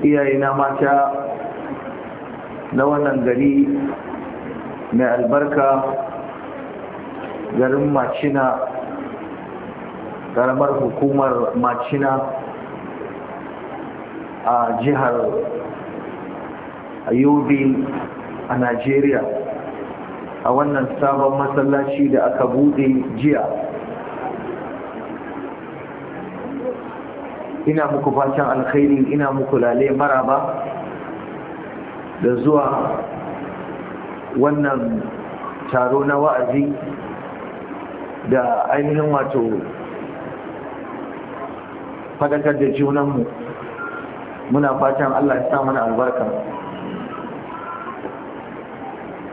Iyaye iyayena mata na wannan gari mai albarka garin macina karamar hukumar macina a jihar yobe a najeriya a wannan sabon masallaci da aka bude jiya ina muku fatan alkhairi ina muku lale maraba da zuwa wannan taro na wa'azi da ainihin wato fadakar da junanmu muna fatan Allah ya samu na albarka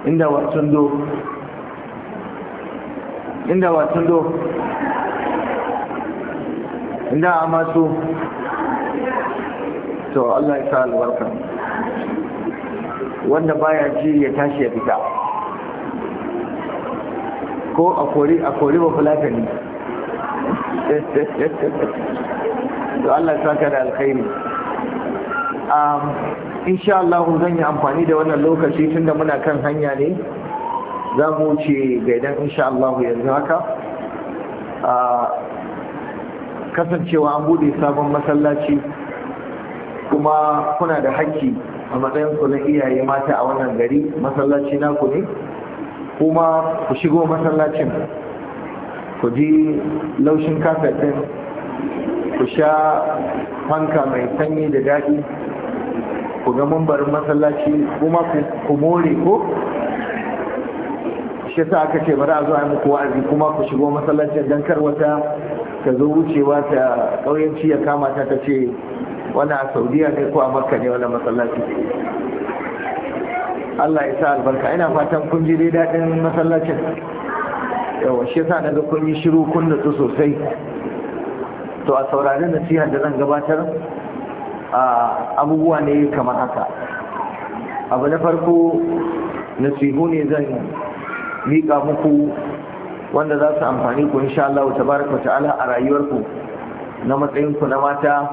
inda ndo inda ndo. inda a masu to Allah ya sa albarka wanda baya ji ya tashi ya fita ko a kori a kori ba fulatani to Allah ya ka da alkhairi um insha Allah zan yi amfani da wannan lokaci tunda muna kan hanya ne za mu wuce gaidan insha Allah yanzu haka kasancewa an bude sabon masallaci kuma kuna da haƙƙi a matsayin ku na iyaye mata a wannan gari masallaci naku ne kuma ku shigo masallacin ku ji laushin kafetin ku sha fanka mai sanyi da daɗi ku ga mambarin masallaci kuma ku more ko shi sa aka ce bari a zo a muku wa'azi kuma ku shigo masallacin don kar wata ta zo wucewa ta ƙauyenci ya kama ta ta ce wani a saudiya ne ko a makka ne wani masallaci Allah ya sa albarka ina fatan kun ji dai daɗin masallacin yawa shi yasa daga kun yi shiru kun su sosai to a saurari nasiha da zan gabatar a abubuwa ne kamar haka abu na farko nasihu ne zan miƙa muku wanda za su amfani ku insha Allah tabaraka wa ta'ala a rayuwarku na matsayinku na mata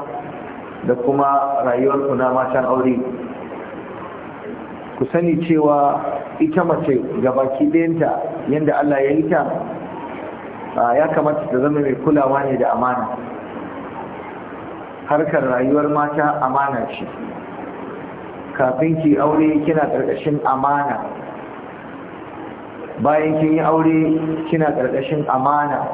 da kuma rayuwarku na matan aure ku sani cewa ita mace gabaki ɗayanta yadda Allah ya yi ta ya kamata ta zama mai kulawa ne da amana harkar rayuwar mata amana ce kafin ki aure kina ƙarƙashin amana bayan kin yi aure kina ƙarƙashin amana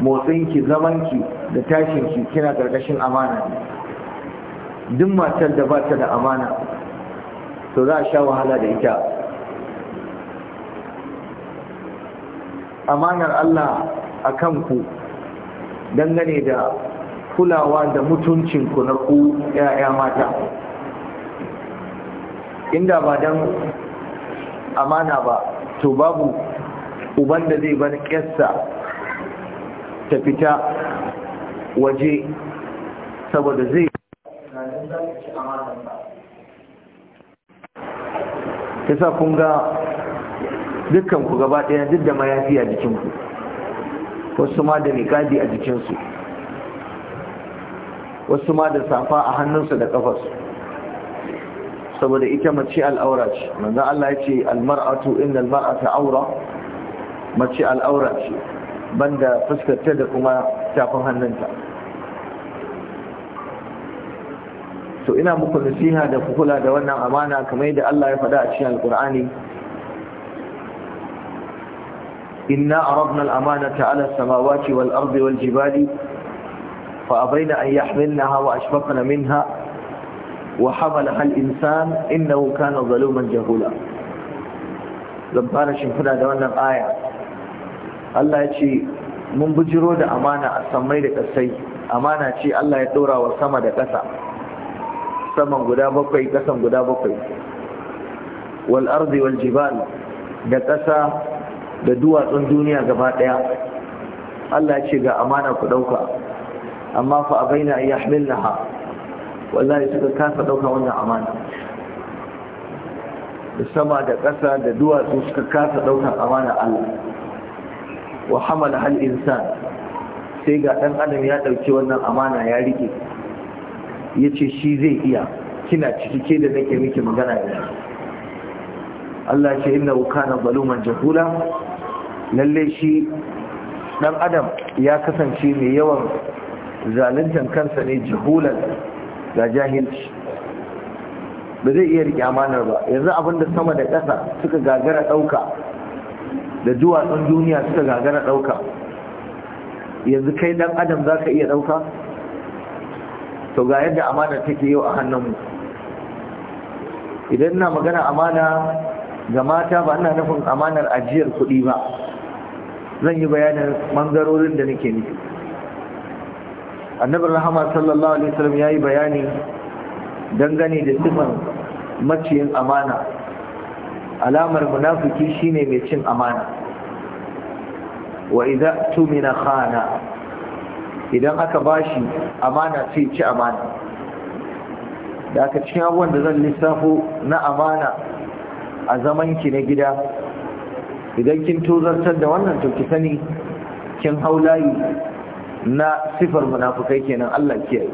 zaman ki da tashin ki kina ƙarƙashin amana duk matar da ba ta da amana to za a sha wahala da ita amanar Allah a ku dangane da kulawa da mutuncinku na ku 'ya'ya mata inda ba don amana ba to babu uban da zai bar ƙyarsa ta fita waje saboda zai ta sa kun ga dukkan ku gaba ɗaya duk da mayafi a jikinku wasu ma da niƙadi a jikinsu wasu ma da safa a hannunsu da ƙafarsu saboda ita mace al'aura ce manzan Allah ya ce almar'atu innal mar'ata aura mace al'aura ce banda fuskarta da kuma tafin hannunta to ina muku nasiha da ku kula da wannan amana kamar yadda Allah ya faɗa a cikin alkur'ani inna aradna al-amanata 'ala as-samawati wal-ardi wal-jibali fa abayna an yahmilnaha wa ashfaqna minha Wa hamala hal insan in nau'in Kano da jahula. Zan fara shimfida da wannan aya. Allah ya ce mun bujiro da amana a samai da ƙasai. Amana ce Allah ya ɗora wa sama da ƙasa. Saman guda bakwai, ƙasan guda bakwai. Wal arziwal Jibal da ƙasa da duwatsun duniya gaba ɗaya. Allah ya ce ga amana ku ɗauka. Amma fa a bein a wallahi suka kasa ɗauka wannan amana da sama da ƙasa da duwatsu suka kasa ɗaukar amana Allah wa hamala hal insan sai ga ɗan adam ya ɗauki wannan amana ya rike ya shi zai iya kina ciki ke da nake miki magana yanzu Allah ce inna kana zaluman jahula lalle shi ɗan adam ya kasance mai yawan zaluntan kansa ne jahulan ga jahilci ba zai iya rike amanar ba yanzu abin da sama da ƙasa suka gagara ɗauka da duwatsun duniya suka gagara ɗauka yanzu kai ɗan adam za ka iya ɗauka to ga yadda amana take yau a hannunmu idan na magana amana ga mata ba ina nufin amanar ajiyar kuɗi ba zan yi bayanin ɓangarorin da nake nufi annabi rahama sallallahu alaihi wasallam ya yi bayani dangane da sifan maciyin amana alamar munafiki shine mai cin amana wa idza tumina khana idan aka bashi amana sai ci amana da aka cikin abubuwan da zan lissafo na amana a ki na gida idan kin tozartar da wannan to ki sani kin hau layi na sifar munafukai kenan Allah kiyaye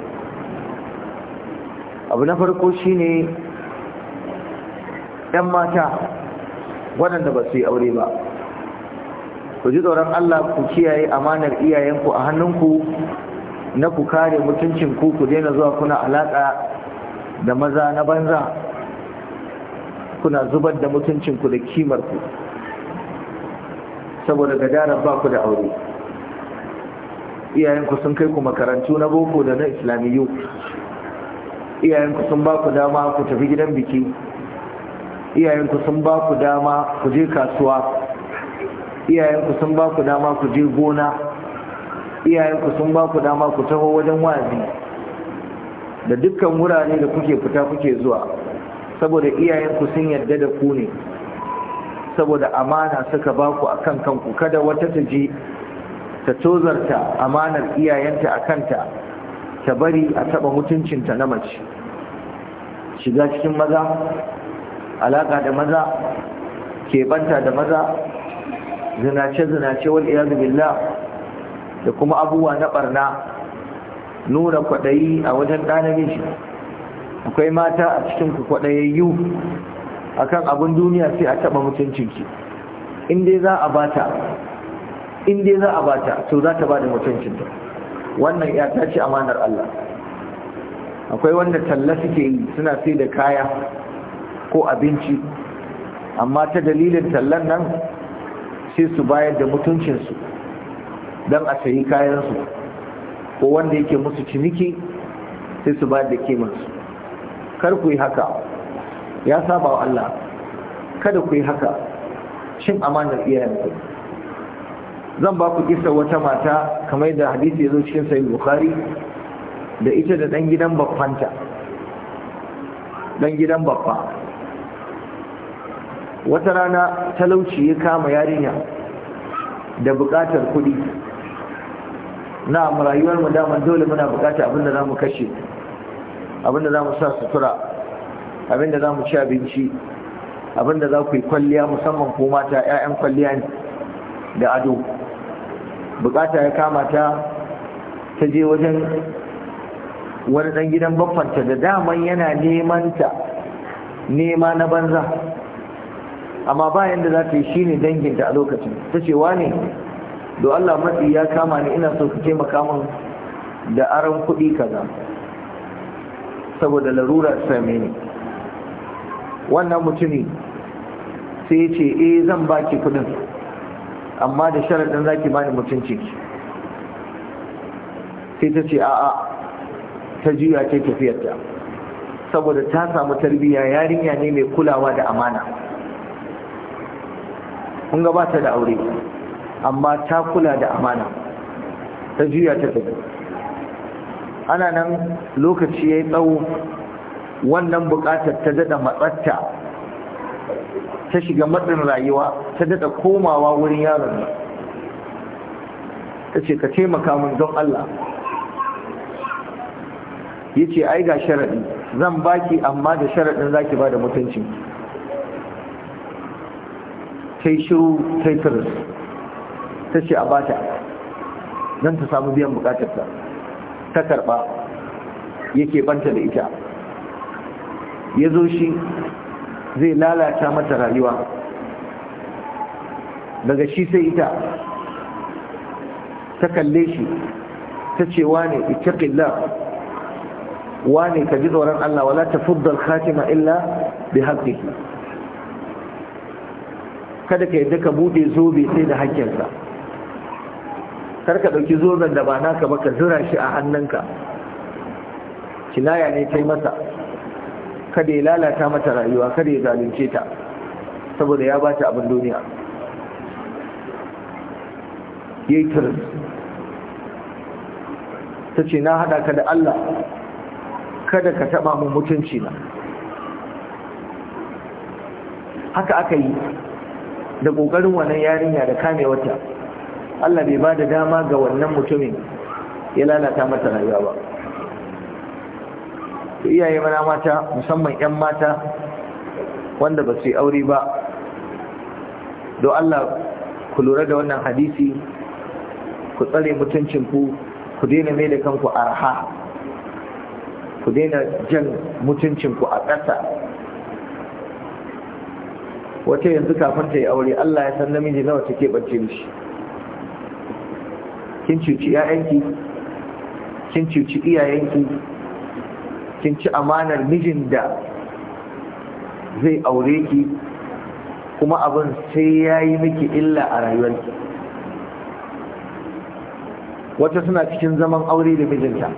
abu na farko shine yan mata waɗanda ba su yi aure ba ku ji tsoron Allah ku kiyaye amanar iyayenku a hannunku na ku kare mutuncinku ku daina zuwa kuna alaƙa da maza na banza kuna zubar da mutuncinku da kimarku saboda gadara ba ku da aure iyayenku sun kai ku makarantu na boko da na islamiyu iyayenku sun ba ku dama ku tafi gidan biki iyayenku sun ba ku dama ku je kasuwa iyayenku sun ba ku dama ku je gona iyayenku sun ba ku dama ku taho wajen wazi. da dukkan wurare da kuke fita kuke zuwa saboda iyayenku sun yarda da ku ne saboda amana suka ba ku kan kanku kada wata ta je ta tozarta amanar iyayenta a kanta ta bari a taba mutuncinta na mace shiga cikin maza alaƙa da maza keɓanta da maza zinace-zinace wal billah da kuma abubuwa na ɓarna nuna kwaɗayi a wajen ɗanabin shi akwai mata a cikin ku kwaɗayayyu akan abin duniya sai a taɓa mutuncinki in dai za a bata in dai za a bata to za ta ba bada mutuncinta wannan ya ta ce amanar Allah akwai wanda talla suke yi suna sai da kaya ko abinci amma ta dalilin tallan nan sai su bayar da mutuncinsu don a sayi kayansu ko wanda yake musu ciniki sai su bayar da kimansu kar ku yi haka ya saba wa Allah kada ku yi haka shin amanar ku zan ba ku kisa wata mata kamar da hadisi ya zo cikin sai bukhari da ita da dan gidan babbanta dan gidan baffa wata rana talauci ya kama yarinya da bukatar kuɗi na rayuwar mu daman dole muna bukata abinda za mu kashe abinda za mu sa sutura abinda za mu ci abinci abinda za ku yi kwalliya musamman ko mata 'ya'yan kwalliya da ado bukata ya kama ta ta je wajen wani dan gidan baffanta da daman yana neman ta nema na banza amma bayan da za ta yi shi shine danginta a lokacin ta ce ne? do Allah matsi ya kama ni ina so ka taimaka min da aron kuɗi kaza saboda larura same ne. wannan mutumi sai ce eh zan baki kuɗin amma da sharaɗin za ki bani mutunci sai ta ce a'a ta juya ce tafiyarta saboda ta samu tarbiyya yarinya ne mai kulawa da amana kun gabata da aure amma ta kula da amana ta juya ta tafi ana nan lokaci ya yi tsawo wannan bukatar ta daɗa matsatta ta shiga matsin rayuwa ta daɗa komawa wurin yaron nan ta ce ka taimaka min don Allah ya ce ai ga sharaɗi zan baki amma da sharaɗin za ki ba da mutunci ta yi shiru ta yi ta ce a ta don ta samu biyan bukatarta ta karɓa yake banta da ita ya zo shi zai lalata mata rayuwa daga shi sai ita ta kalle shi ta ce wane ittaqillah wane ka ji tsoron Allah wala ta al-khatima illa bi haqqihi kada ka yadda ka bude zobe sai da haƙƙinsa. kar ka dauki zoben da ba naka ba ka zura shi a hannunka kinaya ne kai masa kada ya lalata mata rayuwa kada ya zalunce ta saboda ya ba ta abin duniya ya yi turis ta ce na haɗa ka da Allah kada ka taɓa mu mutunci na haka aka yi da ƙoƙarin wannan yarinya da kame wata, Allah bai ba da dama ga wannan mutumin ya lalata mata rayuwa ba ko iyaye mana mata musamman 'yan mata wanda ba su yi aure ba don Allah ku lura da wannan hadisi ku tsare mutuncinku ku daina mai da kanku arha ku daina jan mutuncinku a ƙasa wata yanzu kafin ta yi aure Allah ya san namiji nawa take bacci da shi kin cuci 'ya'yanki kin cuci iyayenki kin ci amanar mijin da zai aure ki kuma abin sai ya yi miki illa a rayuwarki wata suna cikin zaman aure da mijinta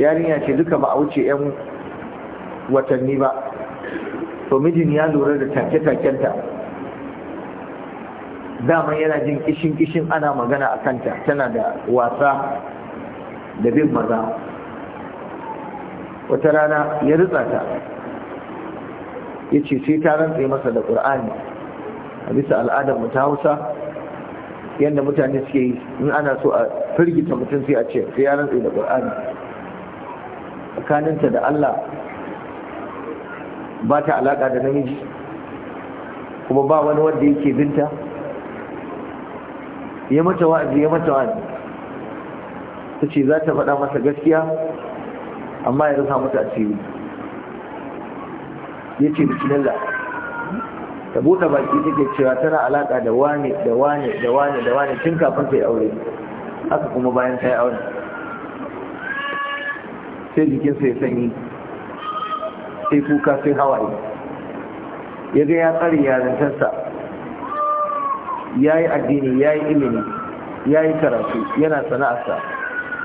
yarinya ce duka ba a wuce 'yan watanni ba to mijin ya lura da take-takenta daman yana jin kishin-kishin ana magana a kanta tana da wasa da bin maza wata rana ya ritsa ta ya ce sai ta rantse masa da ƙur'ani a bisa al'adar mu ta hausa yadda mutane suke yi in ana so a firgita mutum sai a ce sai ya rantse da ƙur'ani tsakaninta da allah ba ta alaƙa da namiji kuma ba wani wanda yake binta ya mata wa'azi ya mata wa'azi ta ce za ta faɗa masa gaskiya amma ya rasa mata asiri ya ce bismillah ta buɗe baki take cewa tana alaƙa da wane da wane da wane da wane tun kafin ta yi aure haka kuma bayan ta yi aure sai jikinsa ya sanyi sai kuka sai hawaye ya ga ya tsare yarintarsa ya yi addini ya yi ilimi ya yi karatu yana sana'arsa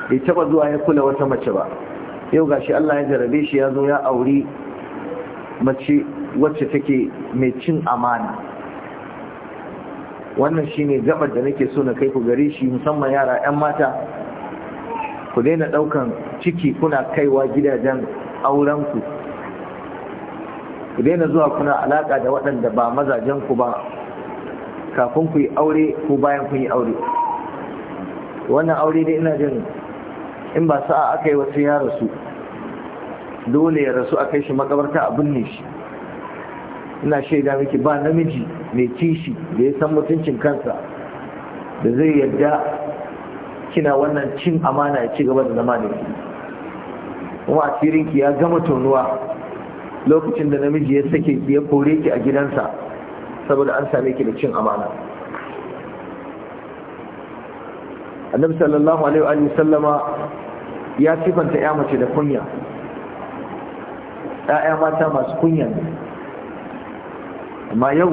bai taɓa zuwa ya kula wata mace ba yau gashi Allah ya jarabe shi ya zo ya auri mace wacce take mai cin amana wannan shi ne gabar da nake so na kai ku gare shi musamman yara 'yan mata ku daina daukan ciki kuna kaiwa gidajen aurenku ku daina zuwa kuna alaka da waɗanda ba mazajenku ba kafin ku yi aure ko bayan kun yi aure wannan aure dai ina jin in ba sa'a aka yi wasu yara su dole ya rasu a kai shi makabarta a binne shi ina shaida miki ba namiji mai kishi da ya san mutuncin kansa da zai yadda kina wannan cin amana ya ci gaba da zama da ke kuma asirinki ya gama tonuwa lokacin da namiji ya sake ya kore ki a gidansa saboda an same ki da cin amana annabi sallallahu alaihi wa sallama ya sifanta ya mace da kunya Ɗa'ya mata masu kunya Ma amma yau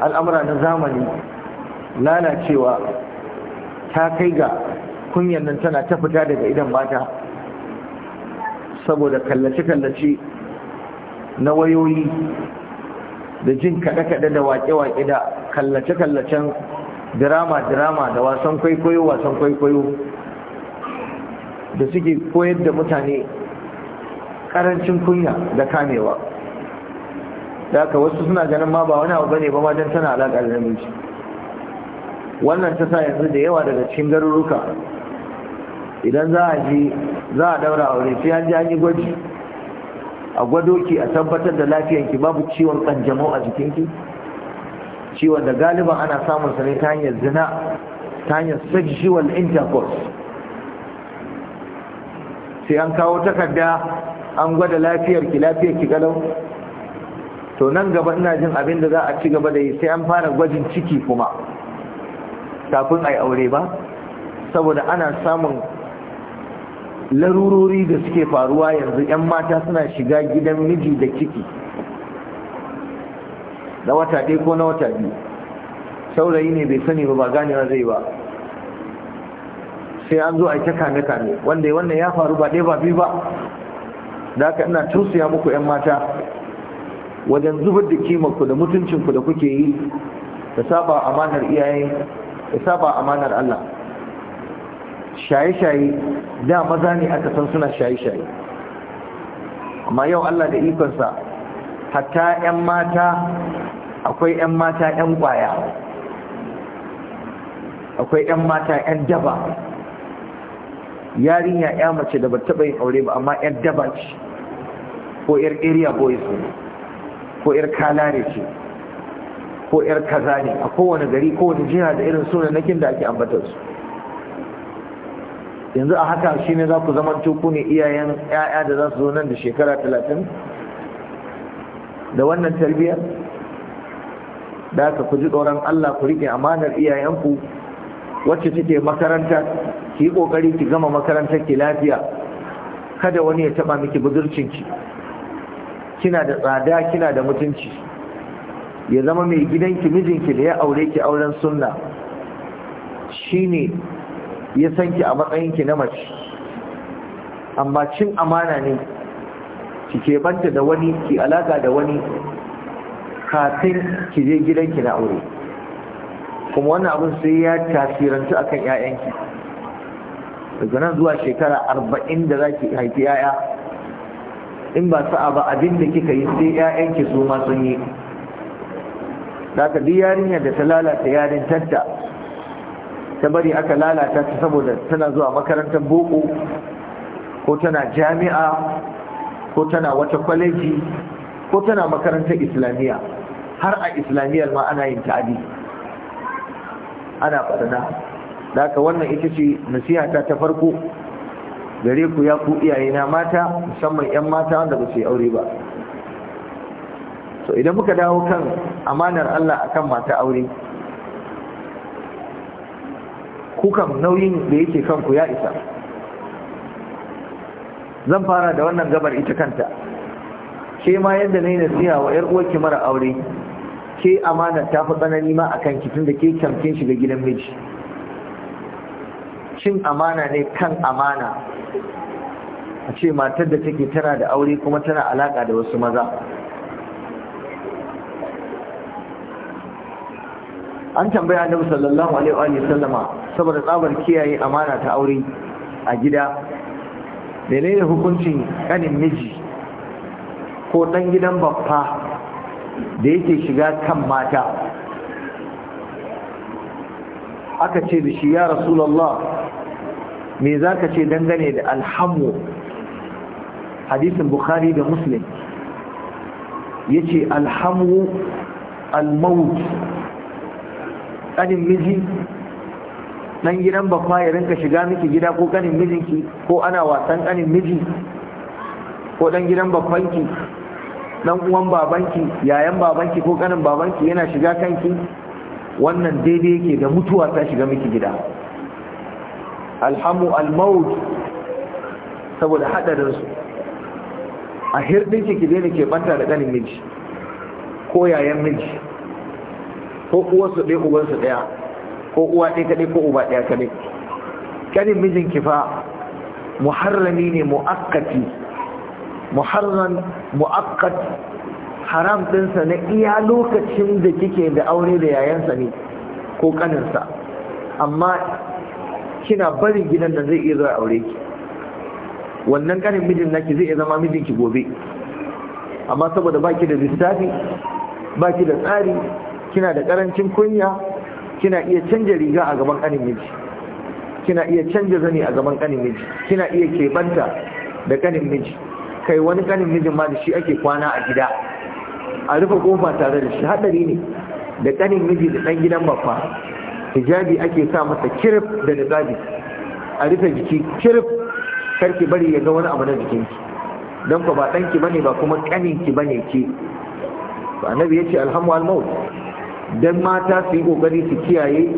al'amura na zamani lalacewa ta kai ga kunyar nan tana ta fita daga idan mata saboda kallace-kallace na wayoyi da jin kaɗe-kaɗe da waƙe-waƙe da kallace-kallacen dirama-dirama da wasan kwaikwayo wasan kwaikwayo da suke koyar da mutane karancin kunya da kamewa da aka wasu suna ganin ma ba wani abu bane ba wajen tana alaƙa da namiji wannan ta sa yanzu da yawa daga cikin garuruka idan za a ji za a daura aure sai an ji an yi gwaji a gwado ki a tabbatar da lafiyanki babu ciwon kanjamau a jikinki ciwon da galiban ana samun sa ne ta hanyar zina ta hanyar sexual intercourse sai an kawo takarda an gwada lafiyar ki lafiyar ki galau to nan gaba ina jin abin da za a ci gaba da yi sai an fara gwajin ciki kuma kafin a aure ba saboda ana samun larurori da suke faruwa yanzu 'yan mata suna shiga gidan miji da ciki na wata ɗaya ko na wata biyu saurayi ne bai sani ba ba ganewa zai ba sai an zo a ta kame-kame wanda ya faru ba ɗaya ba biyu ba da haka ina saya muku ƴan mata wajen zubar da ku da mutuncinku da kuke yi da saba amanar iyaye da saba amanar Allah shaye-shaye da maza ne aka san suna shaye-shaye amma yau Allah da ikonsa hatta ƴan mata akwai ƴan mata ƴan kwaya akwai ƴan mata ƴan daba yarinya 'ya mace da ba taɓa yin aure ba amma ƴan daba ce ko yar area boys ne ko yar kalare ce ko yar kaza ne a kowane gari kowane jiha da irin sunanakin da ake ambatar su yanzu a haka shi ne za ku zaman tuku ne iyayen 'ya'ya da za su zo nan da shekara talatin da wannan tarbiyyar da aka ku ji tsoron Allah ku riƙe amanar iyayenku wacce take makaranta ki yi ƙoƙari ki gama makarantar ki lafiya kada wani ya taɓa miki budurcinki kina da tsada kina da mutunci ya zama mai gidanki mijinki da ya aure ki auren sunna shine ya san ki a matsayinki na mace amma cin amana ne ki ke banta da wani ki alaka da wani kafin ki je gidanki na aure kuma wannan abin sai ya tasirantu akan 'ya'yanki daga nan zuwa shekara arba'in da za ki haifi 'ya'ya in ba sa'a ba abinda kika yi sai ƴaƴanki su ma sun yi daga duk yarinya da ta lalata yarintarta ta bari aka lalata ta saboda tana zuwa makarantar boko ko tana jami'a ko tana wata kwaleji ko tana makarantar islamiyya har a islamiyyar ma ana yin ta'adi ana barna daga wannan ita ce nasihata ta farko gare ku ya ku iyayena mata musamman 'yan mata wanda ba su yi aure ba so idan muka dawo kan amanar Allah akan mata aure ku nauyin da yake kanku ya isa zan fara da wannan gabar ita kanta ke ma yadda na yi wa 'yar uwarki mara aure ke amanar ta fi tsanani ma akan kitin da ke kyamkin shiga gidan miji cin amana ne kan amana a ce matar da take tana da aure kuma tana alaka da wasu maza an tambaya annabi sallallahu alaihi wa sallama saboda tsabar kiyaye amana ta aure a gida menene hukuncin kanin miji ko dan gidan babba da yake shiga kan mata aka ce da shi ya rasulullah me za ka ce dangane da alhamu hadisin bukhari da muslim ya ce alhamu almaut ƙanin miji ɗan gidan bakwa ya rinka shiga miki gida ko ƙanin mijinki ko ana wasan ƙanin miji ko ɗan gidan bakwanki ɗan uwan babanki yayan babanki ko kanin babanki yana shiga kanki wannan daidai yake da mutuwa ta shiga miki gida alhamu almaut saboda su, a hirɗinki ki daina ke banta da ƙanin miji ko yayan miji ko dai ɗaya su ɗaya ko uwa ɗaya kaɗai ko uba ɗaya kaɗai ƙanin mijin ki fa muharrami ne mu'akkati muharram mu'akkat haram din sa na iya lokacin da kike da aure da yayansa ne ko sa amma kina barin gidan nan zai iya zuwa aure ki wannan kanin mijin naki zai iya zama mijinki gobe amma saboda baki da lissafi baki da tsari kina da ƙarancin kunya kina iya canja riga a gaban kanin miji kina iya canja zani a gaban kanin miji kina iya kebanta da kanin miji kai wani kanin mijin ma da shi ake kwana a gida a rufe kofa tare da shi hadari ne da kanin miji da dan gidan bafa hijabi ake sa masa kirif da nisabi a rufe jiki kirif karki bari ya ga wani abu na jikinki don ku ba ɗanki bane ba kuma ƙaninki bane ki na ya ce alhamu almaut don mata su yi ƙoƙari su kiyaye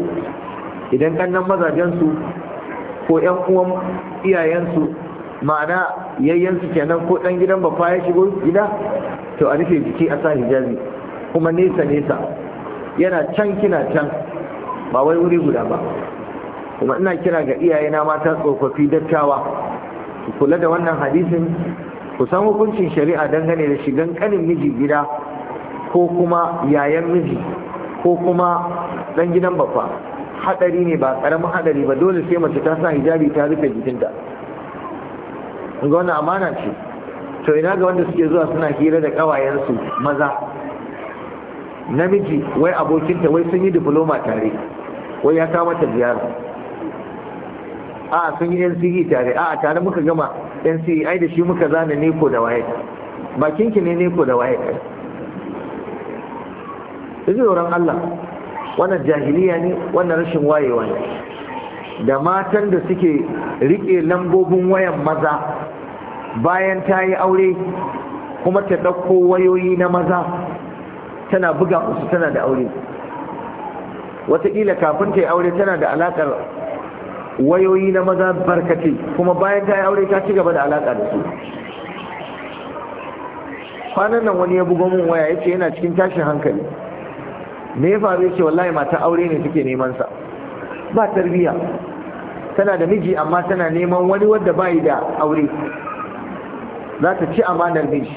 idan ƙannan mazajensu ko 'yan uwan iyayensu ma'ana yayyensu kenan ko ɗan gidan bafa ya shigo gida to a rufe jiki a sa hijabi kuma nesa nesa yana can kina can ba wai wuri guda ba kuma ina kira ga iyaye na mata tsofaffi dattawa ku kula da wannan hadisin ku san hukuncin shari'a dangane da shigan kanin miji gida ko kuma yayan miji ko kuma dan gidan babba hadari ne ba karamin hadari ba dole sai mace ta sa hijabi ta rufe jikinta ga wannan amana ce to ina ga wanda suke zuwa suna hira da kawayensu maza namiji wai abokinta wai sun yi diploma tare wai ya kawo mata ziyara a sun yi nce tare a tare muka gama nce ai da shi muka zana neko da waye ki ne neko da waye kai yanzu ran allah wannan jahiliya ne wannan rashin wayewa ne da matan da suke rike lambobin wayan maza bayan ta yi aure kuma ta ɗauko wayoyi na maza tana buga musu tana da aure wataƙila kafin ta yi aure tana da alaƙar wayoyi na maza barkatai kuma bayan ta yi aure ta ci gaba da alaƙa da su kwanan nan wani ya bugo min waya ya ce yana cikin tashin hankali me ya faru ce wallahi mata aure ne suke neman sa ba tarbiyya tana da miji amma tana neman wani wadda ba da aure za ta ci amanar miji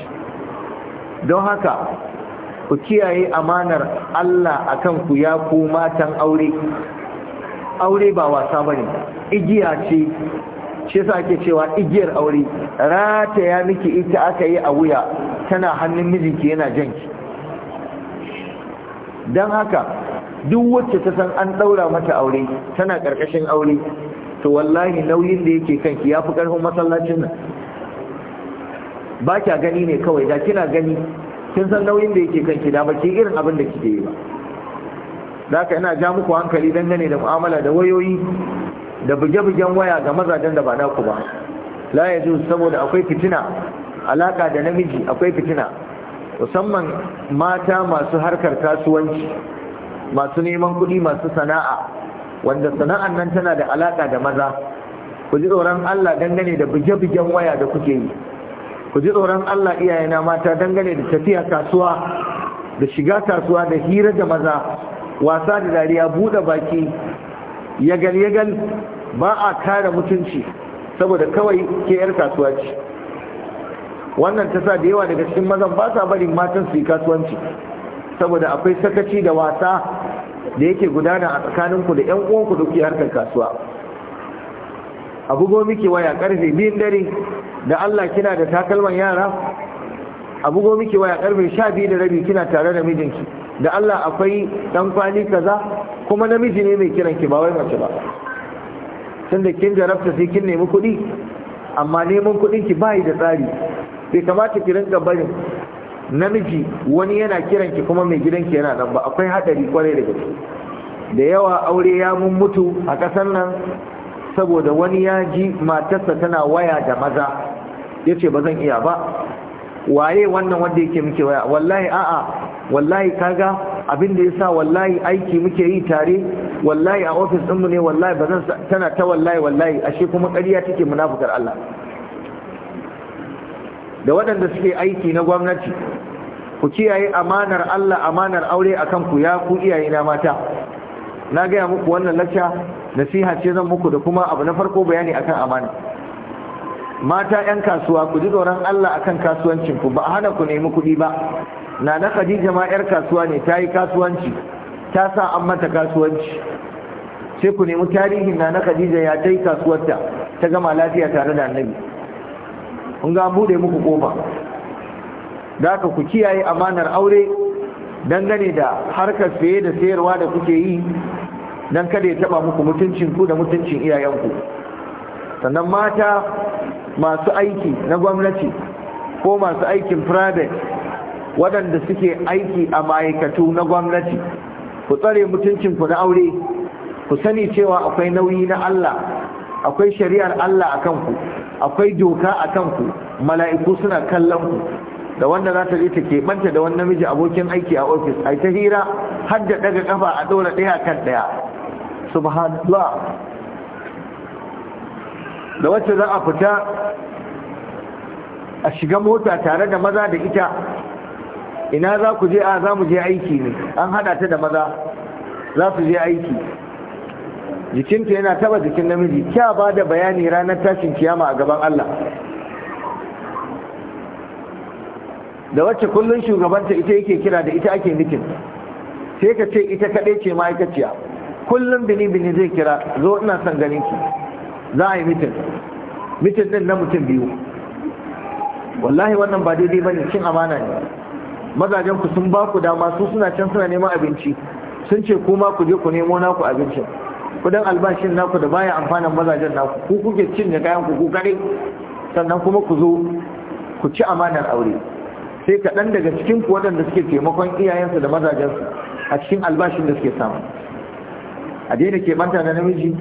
don haka ku kiyaye amanar Allah akan ku ya ku matan aure aure ba wasa ba ne, igiya ce shi sa ake cewa igiyar aure rata ya miki ita aka yi a wuya tana hannun mijinki yana janki don haka duk wacce ta san an ɗaura mata aure tana ƙarƙashin aure to wallahi nauyin da yake kanki ya fi ƙarfin masallacin nan ba kya gani ne kawai da kina gani kin san nauyin da yake kan ki da ba irin abin da kike yi ba zaka ina ja muku hankali dangane da mu'amala da wayoyi da buge-bugen waya ga mazajen da ba naku ba la ji saboda akwai fitina alaka da namiji akwai fitina musamman mata masu harkar kasuwanci masu neman kuɗi masu sana'a wanda sana'an nan tana da alaka da maza ku ji tsoron Allah dangane da buge-bugen waya da kuke yi ku ji tsoron Allah iyayena mata dangane da tafiya kasuwa da shiga kasuwa da hira da maza wasa da dariya buɗe baki yagal yagal ba a kare mutunci saboda kawai ke yar kasuwa ce wannan ta sa da yawa daga cikin mazan ba sa barin matan su yi kasuwanci saboda akwai sakaci da wasa da yake gudana a tsakaninku da 'yan uwanku da ke harkar kasuwa a bugo miki waya karfe biyun dare da Allah kina da takalman yara a bugo miki waya karfe sha biyu da rabi kina tare da mijinki da Allah akwai dan kwali kaza kuma namiji ne mai kiran ki ba wai mace ba tunda kin jarabta sai kin nemi kuɗi amma neman kuɗin ki bai da tsari bai kamata ki rinka barin namiji wani yana kiran ki kuma mai gidanki yana nan ba akwai hadari kwarai da gaske da yawa aure ya mun mutu a ƙasar nan saboda wani ya ji matarsa tana waya da maza ya ce ba zan iya ba waye wannan wanda yake muke waya wallahi a'a wallahi kaga abin da sa wallahi aiki muke yi tare wallahi a ofis ɗinmu ne wallahi ba zan tana ta wallahi wallahi ashe kuma ƙarya take munafukar Allah da waɗanda suke aiki na gwamnati ku kiyaye amanar Allah amanar aure akan ku ya ku iyaye na mata na gaya muku wannan lacca nasiha ce zan muku da kuma abu na farko bayani akan amana mata 'yan kasuwa ku ji tsoron Allah akan ku ba a hana ku nemi kuɗi ba na na Khadija ma 'yar kasuwa ne ta yi kasuwanci ta sa an mata kasuwanci sai ku nemi tarihin na na Khadija ya ta yi kasuwarta ta gama lafiya tare da annabi kun ga bude muku kofa da ka ku kiyaye amanar aure dangane da harkar saye da sayarwa da kuke yi dan kada ya taba muku mutuncin ku da mutuncin ku sannan mata masu aiki na gwamnati ko masu aikin private waɗanda suke aiki a ma'aikatu na gwamnati ku tsare mutuncinku na aure ku sani cewa akwai nauyi na Allah akwai shari'ar Allah a kanku akwai doka a kanku mala'iku suna kallon ku da wanda za ta je ta keɓanta da wani namiji abokin aiki a ofis ai ta hira har da daga kafa a ɗora ɗaya kan ɗaya subhanallah da wacce za a fita a shiga mota tare da maza da ita ina za ku je a za je aiki ne an hada ta da maza za su je aiki jikinta yana taba jikin namiji kya ba da bayani ranar tashin kiyama a gaban Allah da wacce kullum shugabanta ita yake kira da ita ake nufin sai ka ce ita kaɗai ce ma'aikaciya kullum bini bini zai kira zo ina son ganin ki za a yi mitin mitin din na mutum biyu wallahi wannan ba daidai bane cin amana ne mazajen ku sun baku ku dama su suna can suna neman abinci sun ce kuma ku je ku nemo naku abincin kudin albashin naku da baya amfanin mazajen naku ku kuke cinye kayan ku kare sannan kuma ku zo ku ci amanar aure sai kaɗan daga cikin ku waɗanda suke taimakon iyayensu da mazajensu a cikin albashin da suke samu a daina kebanta da namiji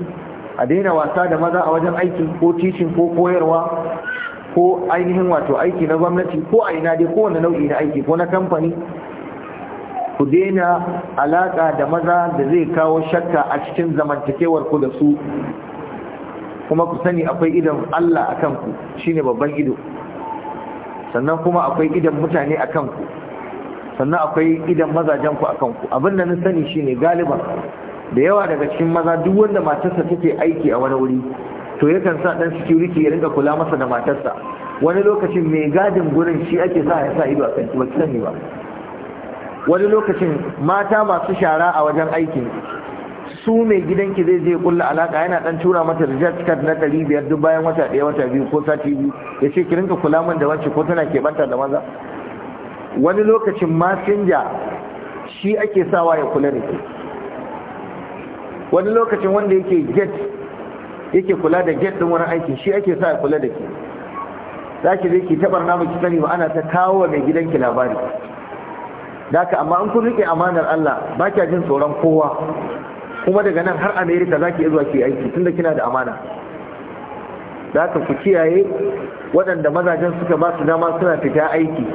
a daina wasa da maza a wajen aiki ko titin ko koyarwa ko ainihin wato aiki na gwamnati ko a ina dai kowane nau'i na aiki ko na kamfani ku daina alaƙa da maza da zai kawo shakka a cikin zamantakewar ku da su kuma ku sani akwai idan Allah a kanku shine babban ido sannan kuma akwai idan mutane a kanku sannan akwai idan mazajen ku a kanku abin da na sani shine galiban da yawa daga cikin maza duk wanda matarsa take aiki a wani wuri to yakan sa dan security ya rinka kula masa da matarsa wani lokacin mai gadin gurin shi ake sa ya sa ido a kanki ba sani ba wani lokacin mata masu shara a wajen aikin su mai gidanki zai je kulla alaka yana dan tura mata rijal card na ɗari biyar duk bayan wata ɗaya wata biyu ko sati biyu ya ce ki rinka kula min da wacce ko tana keɓanta da maza wani lokacin masinja shi ake sawa ya kula da ke wani lokacin wanda yake get yake kula da get din wani aiki shi ake sa kula da ke za ki zai ki tabar namu ki sani ba ana ta kawo wa mai gidanki labari daka amma an kun rike amanar Allah ba kya jin tsoron kowa kuma daga nan har Amerika za ki zuwa ki aiki tunda kina da amana daka ku kiyaye waɗanda mazajen suka ba su dama suna fita aiki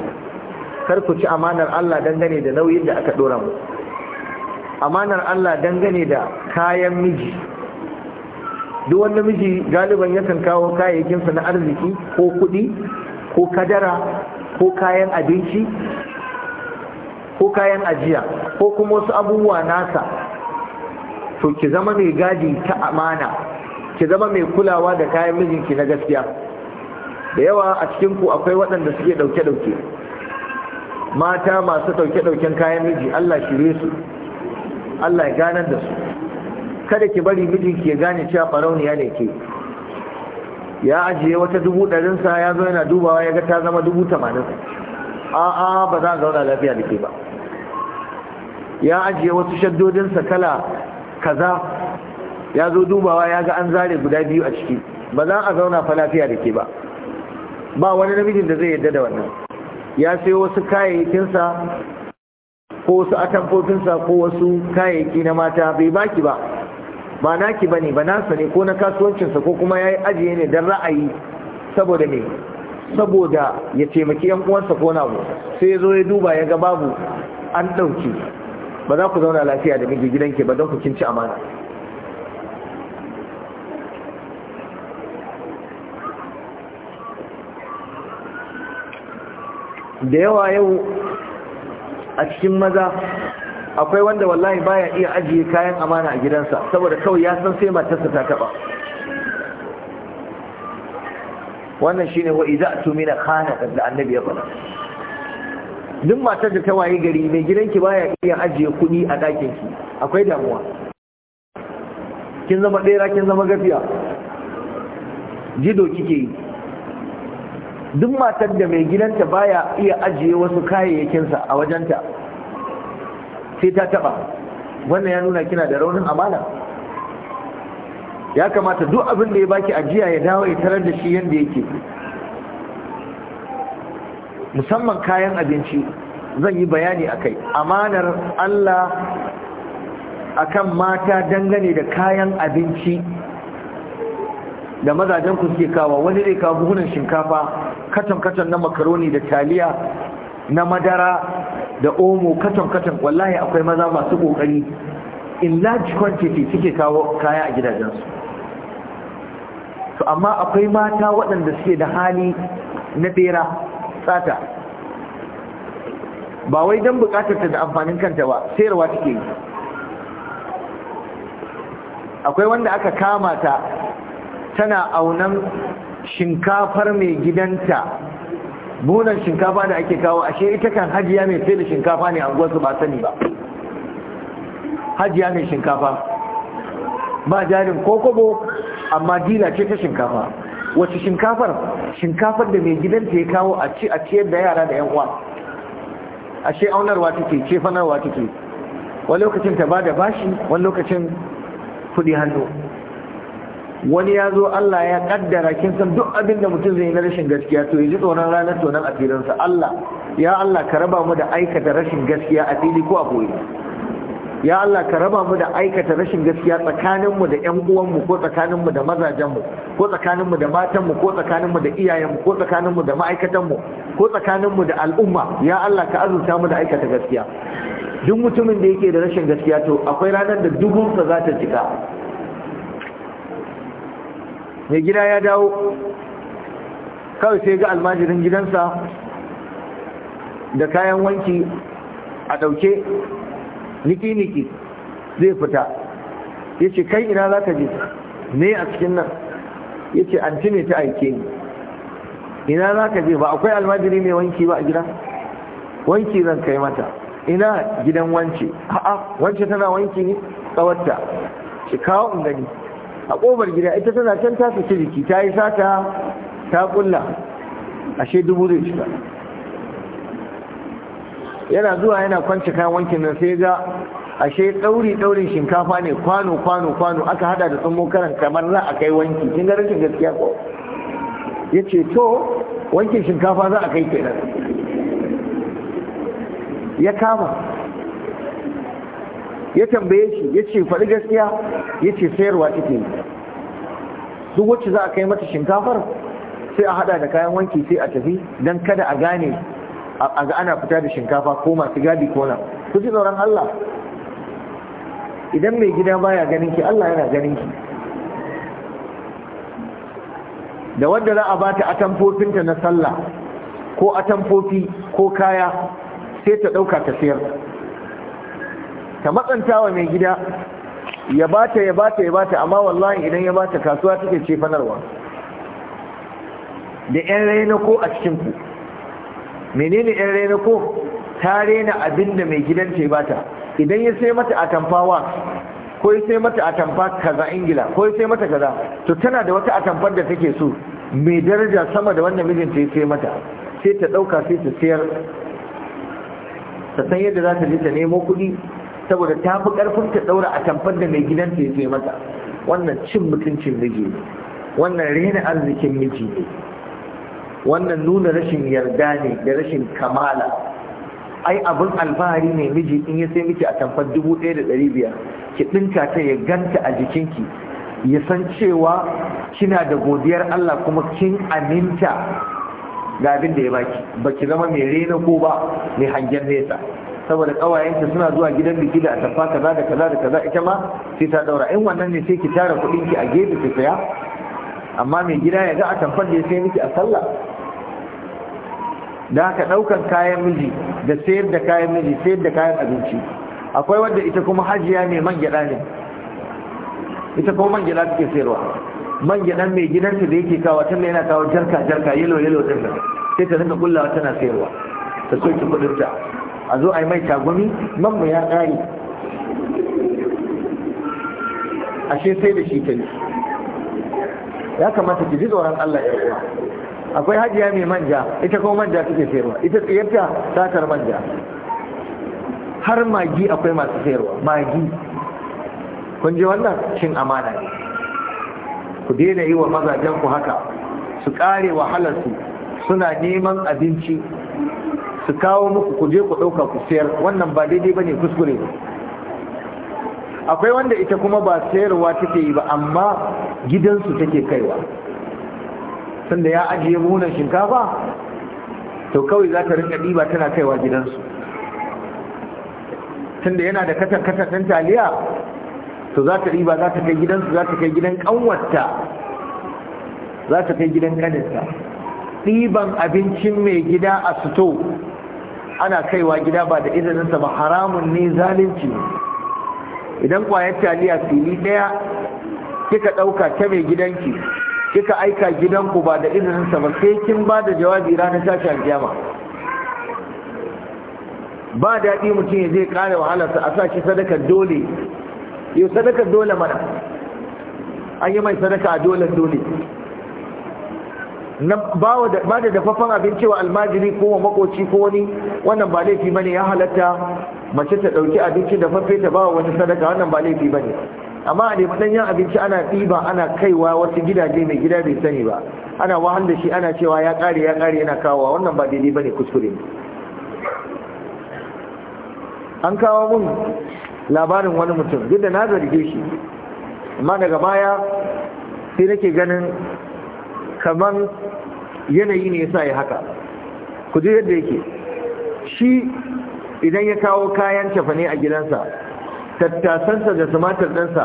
kar ku ci amanar Allah dangane da nauyin da aka dora mu amanar Allah dangane da kayan miji duk wanda miji galiban yakan kawo kayayyakinsa na arziki ko kuɗi ko kadara ko kayan abinci ko kayan ajiya ko kuma wasu abubuwa nasa to ki zama mai gadi ta amana ki zama mai kulawa da kayan mijinki na gaskiya da yawa a cikin ku akwai waɗanda suke ɗauke-ɗauke mata masu ɗauke-ɗauken kayan miji Allah shirye su Allah ya ganar da su kada ki bari mijinki ya gane cewa farauniya ne ke ya ajiye wata dubu sa ya zo yana dubawa ya ga ta zama dubu tamanin a'a ba za a zauna lafiya da ke ba ya ajiye wasu sa kala kaza ya zo dubawa ya ga an zare guda biyu a ciki ba za a zauna fa lafiya da ke ba ba wani namijin da zai yadda da wannan ya sayo wasu kayayyakinsa ko wasu atamfofinsa ko wasu kayayyaki na mata bai baki ba ba naki bane ba nasa ne ko na kasuwancinsa ko kuma yayi ajiye ne dan ra'ayi saboda me saboda ya taimaki yan uwansa ko na abu sai ya ya duba ya ga babu an ɗauki ba za ku zauna lafiya da miji gidanki ba don ku kinci amana da yawa yau a cikin maza akwai wanda wallahi baya iya ajiye kayan amana a gidansa saboda kawai ya san sai matarsa ta taba wannan shine wa idza tumina khana da annabi ya faɗa duk matar da ta waye gari mai gidanki baya iya ajiye kuɗi a ɗakin ki akwai damuwa kin zama ɗera kin zama gafiya jido kike yi duk matar da mai gidanta baya iya ajiye wasu kayayyakinsa a wajenta sai ta taba wannan ya nuna kina da raunin amana ya kamata duk abin da ya baki ajiya ya dawo ya tarar da shi yadda yake musamman kayan abinci zan yi bayani a kai amanar Allah akan mata dangane da kayan abinci da mazajen ku suke kawo wani zai kawo buhunan shinkafa katon-katon na makaroni da taliya na madara da omo katon-katon wallahi akwai maza masu kokari in large quantity suke kawo kaya a gidajensu to amma akwai mata waɗanda suke da hali na bera tsata ba wai don ta da amfanin kanta ba sayarwa take yi akwai wanda aka kama ta tana aunan shinkafar mai gidanta bunan shinkafa da ake kawo ashe ita kan hajiya mai sai shinkafa ne a unguwarsu ba sani ba hajiya mai shinkafa ba jarin kokobo amma dila ce ta shinkafa wacce shinkafar shinkafar da mai gidanta ya kawo a ci a ciyar da yara da yan a ashe aunarwa take ce fanarwa take wani lokacin ta ba da bashi wani lokacin kudi hannu wani ya zo Allah ya kaddara kin san duk abin da mutum zai yi na rashin gaskiya to ya ji tsoron ranar tonon a filinsa Allah ya Allah ka raba mu da aikata rashin gaskiya a fili ko a boye ya Allah ka raba mu da aikata rashin gaskiya tsakaninmu da ƴan uwanmu ko tsakaninmu da mazajenmu ko tsakaninmu da matanmu ko tsakaninmu da iyayenmu ko tsakaninmu da ma'aikatanmu ko tsakaninmu da al'umma ya Allah ka azurta mu da aikata gaskiya duk mutumin da yake da rashin gaskiya to akwai ranar da dubunsa za ta cika mai gida ya dawo kawai sai ga almajirin gidansa da kayan wanki a ɗauke niki-niki zai fita ya ce kai ina za ka je ne a cikin nan ya ce an ne ta aike ni ina za ka je ba akwai almajiri mai wanki ba a gida wanki zan kai mata ina gidan wance a'a wance tana wanki ne tsawarta shi kawo ingani a ƙofar gida ita tana can ta fice jiki ta yi sata ta ƙulla ashe dubu zai cika yana zuwa yana kwanci kayan wankin nan sai ga ashe ɗauri ɗaurin shinkafa ne kwano kwano kwano aka hada da tsummo karan kamar za a kai wanki kin ga rashin gaskiya ko ya ce to wankin shinkafa za a kai kenan ya kama ya tambaye shi ya ce faɗi gaskiya ya ce sayarwa take duk wacce za a kai mata shinkafar sai a hada da kayan wanki sai a tafi don kada a gane a ga ana fita da shinkafa ko masu gadi ko na ku ji tsoron Allah idan mai gida baya ganin ki Allah yana ganin ki da wadda za a bata atamfofinta na sallah ko atamfofi ko kaya sai ta ɗauka ta sayar ta matsantawa mai gida ya bata ya bata ya bata amma wallahi idan ya bata kasuwa take ce fanarwa da yan raina ko a cikin ku menene yan raina ko ta raina abin da mai gidan ce bata idan ya sai mata atamfawa, ko ya sai mata atamfa kaza ingila ko ya sai mata kaza to tana da wata atamfar da take so mai daraja sama da wannan ta ya sai mata sai ta dauka sai ta sayar ta san yadda za ta je ta nemo kuɗi saboda ta fi karfin ta daura a tamfar da mai gidan ta yi mata wannan cin mutuncin miji ne wannan rena arzikin miji ne wannan nuna rashin yarda ne da rashin kamala ai abin alfahari ne miji in ya sai miki a tamfar dubu ɗaya da ɗari biyar ki ɗinka ta ya ganta a jikinki ya san cewa kina da godiyar Allah kuma kin aminta ga abin da ya baki baki zama mai rena ko ba mai hangen nesa saboda kawayenta suna zuwa gidan biki da atafa kaza da kaza da kaza ita ma sai ta daura in wannan ne sai ki tara kuɗin ki a gefe ki saya amma mai gida ya ga atamfar da ya sai miki a sallah da haka ɗaukan kayan miji da sayar da kayan miji sayar da kayan abinci akwai wadda ita kuma hajiya ne man gyaɗa ne ita kuma man gyaɗa suke sayarwa man gyaɗan mai gidanta da yake kawo tun da yana kawo jarka jarka yelo-yelo, ɗin sai ta rinka kullawa tana sayarwa ta soke kuɗinta a zo a yi mai tagumi man mu ya A ashe sai da shi ta yi ya kamata ki ji tsoron Allah ya uwa akwai hajiya mai manja ita kuma manja take sayarwa ita tsayarta takar manja har magi akwai masu sayarwa magi kun ji wannan cin amana ne ku daina yi wa mazajen ku haka su kare wahalarsu suna neman abinci su kawo muku ku je ku ɗauka ku sayar wannan ba daidai ba ne kuskure akwai wanda ita kuma ba sayarwa take yi ba amma gidansu take kaiwa sanda ya ajiye munan shinkafa to kawai za ta rinka ɗiba tana kaiwa gidansu tunda yana da katan katan ɗin taliya to za ta ɗiba za ta kai gidansu za ta kai gidan ƙanwarta za ta kai gidan ƙaninta ɗiban abincin mai gida a sito ana kaiwa gida ba da izininsa ba haramun ne zalunci ne idan kwayar taliya fili daya kika ɗauka ta mai gidanki kika aika gidanku ba da izininsa ba sai kin ba da jawabi ranar tashi aljama ba daɗi mutum ya zai ƙara wahalarsa a sa shi sadakar dole yau sadakar dole mana an yi mai sadaka a dole dole na ba da dafaffen abinci wa almajiri ko wa makoci ko wani wannan ba laifi bane ya halatta mace ta dauki abinci da fafe ta bawa wani sadaka wannan ba laifi bane amma a nemi yan abinci ana ɗiba ana kaiwa wasu gidaje mai gida bai sani ba ana wahal da shi ana cewa ya ƙare ya ƙare yana kawowa wannan ba daidai bane kuskure an kawo mun labarin wani mutum duk da na zarge shi amma daga baya sai nake ganin kaman yanayi ne yasa ya haka ku ji yadda yake shi idan ya kawo kayan cefane a gidansa tattasansa da tumatir ɗinsa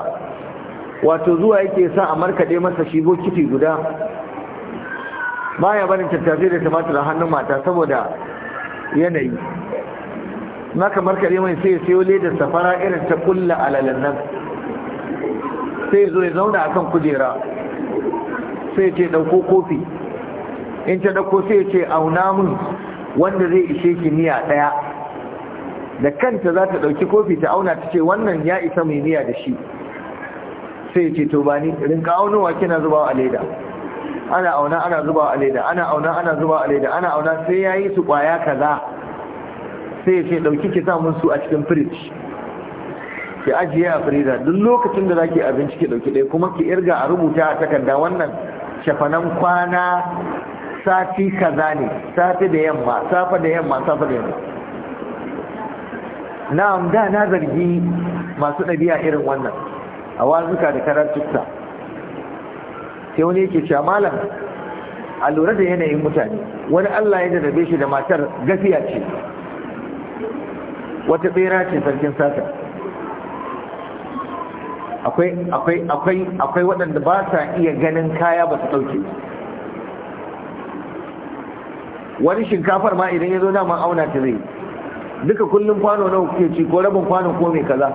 wato zuwa yake sa a markaɗe masa shi bokiti guda Ba ya barin tattasai da tumatir a hannun mata saboda yanayi maka markaɗe mai sai sayo ledar safara irin ta kulla alalannan nan sai zo ya zauna a kan kujera sai ce dauko kofi in ta dauko sai ce auna mun wanda zai ishe ki niya ɗaya da kanta za ta ɗauki kofi ta auna ta ce wannan ya isa mai niya da shi sai ce to ba ni rinka aunowa kina zuba a leda ana auna ana zuba a leda ana auna ana zuba a leda ana auna sai ya yi su kwaya kaza sai ya ce dauki ki sa mun su a cikin firij ki ajiye a freezer duk lokacin da zaki abinci ki dauki ɗaya kuma ki irga a rubuta a takarda wannan shafanan kwana sati kaza ne sati da yamma safa da yamma safa da yamma na'am da na zargi masu ɗabi'a irin wannan a wazuka da karantukta sai wani yake cewa malam a lura da yanayin mutane wani Allah ya jarrabe shi da matar gafiya ce wata tsera ce sarkin sata akwai waɗanda ba sa iya ganin kaya ba su ɗauke wani shinkafar ma idan ya zo dama auna ta zai duka kullum kwano nawa kuke ci ko rabin kwano ko mai kaza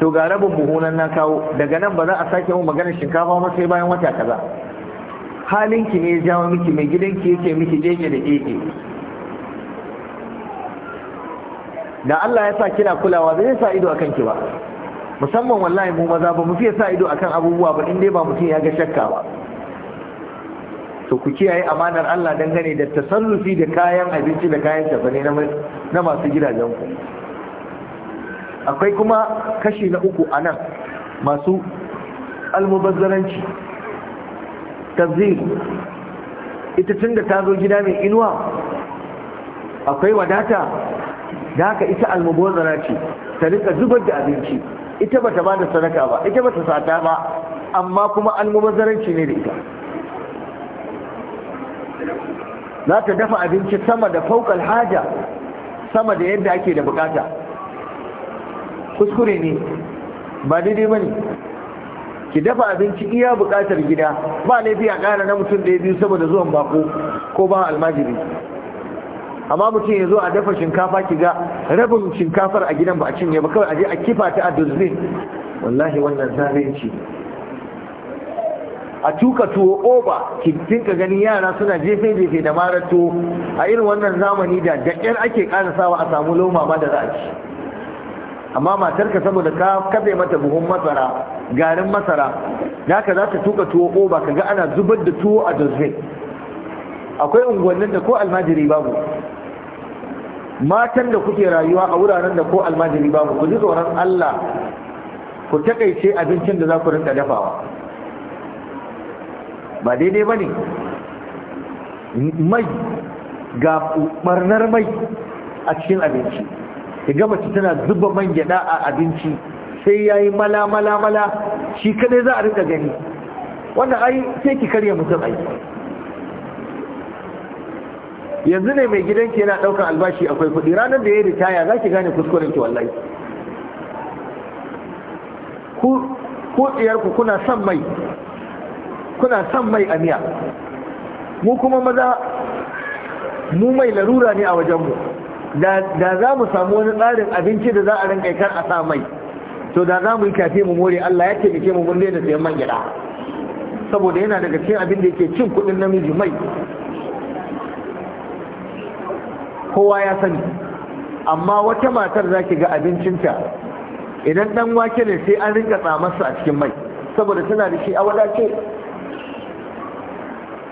to ga rabin buhunan na kawo daga nan ba za a sake mu maganar shinkafa ma sai bayan wata kaza halinki ne ya jawo miki mai gidanki yake miki jeje da keke da Allah ya sa kina kulawa zai sa ido akan ki ba musamman wallahi mu maza ba mu fiye sa ido akan abubuwa ba inda dai ba mutum ya ga shakka ba to ku kiyaye amanar Allah dangane da tasarrufi da kayan abinci da kayan tafane na masu gidajen ku akwai kuma kashi na uku a nan masu almubazzaranci tazir ita tun da ta zo gida mai inuwa akwai wadata da haka ita almubazzara ce ta rika zubar da abinci ita bata ba da sadaka ba ita bata sata ba amma kuma almubazzaranci ne da ita za ta dafa abinci sama da faukal haja sama da yadda ake da bukata kuskure ne ba daidai ba ne ki dafa abinci iya bukatar gida ba laifi a kara na mutum da biyu saboda zuwan bako ko ba almajiri amma mutum ya zo a dafa shinkafa ki ga rabin shinkafar a gidan ba a cinye ba kawai a a kifa ta a dozbin wallahi wannan zalunci a tuka tuwo oba ki tinka ganin yara suna jefe jefe da marar tuwo a irin wannan zamani da daƙyar ake ƙara sawa a samu loma ma da za a ci amma matarka saboda ka kafe mata buhun masara garin masara da ka za ta tuka tuwo oba ka ga ana zubar da tuwo a dozbin akwai unguwannin da ko almajiri babu matan da kuke rayuwa a wuraren da ko almajiri babu ku ji tsoron Allah ku takaice abincin da za ku rinka dafawa ba daidai ba ne mai ga barnar mai a cikin abinci ga mace tana zuba man gyada a abinci sai ya yi mala mala mala shi kadai za a rinka gani wanda ai sai ki karya mutum ai yanzu ne mai gidanki yana ɗaukar albashi akwai kuɗi ranar da ya yi ritaya za ki gane kuskuren ki wallahi ku ɗiyarku kuna son mai kuna son mai a miya mu kuma maza mu mai larura ne a wajenmu da za mu samu wani tsarin abinci da za a rinka kar a sa mai to da za mu yi kafe mu more Allah ya taimake mu mun da sayan man gyaɗa saboda yana daga cikin abin da yake cin kuɗin namiji mai kowa ya sani amma wata matar za ki ga abincinta idan dan wake ne sai an rinka tsamarsa a cikin mai saboda tana da shi a wadace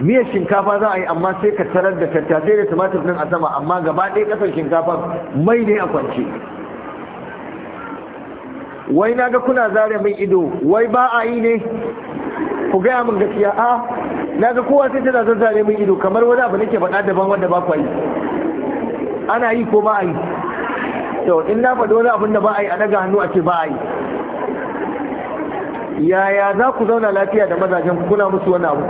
miya shinkafa za a yi amma sai ka tarar da tattasai da tumatir din a sama amma gaba ɗaya ƙasar shinkafa mai ne a kwance wai na ga kuna zare min ido wai ba a yi ne ku gaya min gaskiya a ah, na ga kowa sai tana zazzare min ido kamar wani abu nake faɗa daban wanda ba kwa yi ana yi ko ba a yi to in na faɗi wani abin da ba a yi a daga hannu a ce ba a yi yaya za ku zauna lafiya da mazajen kuna musu wani abu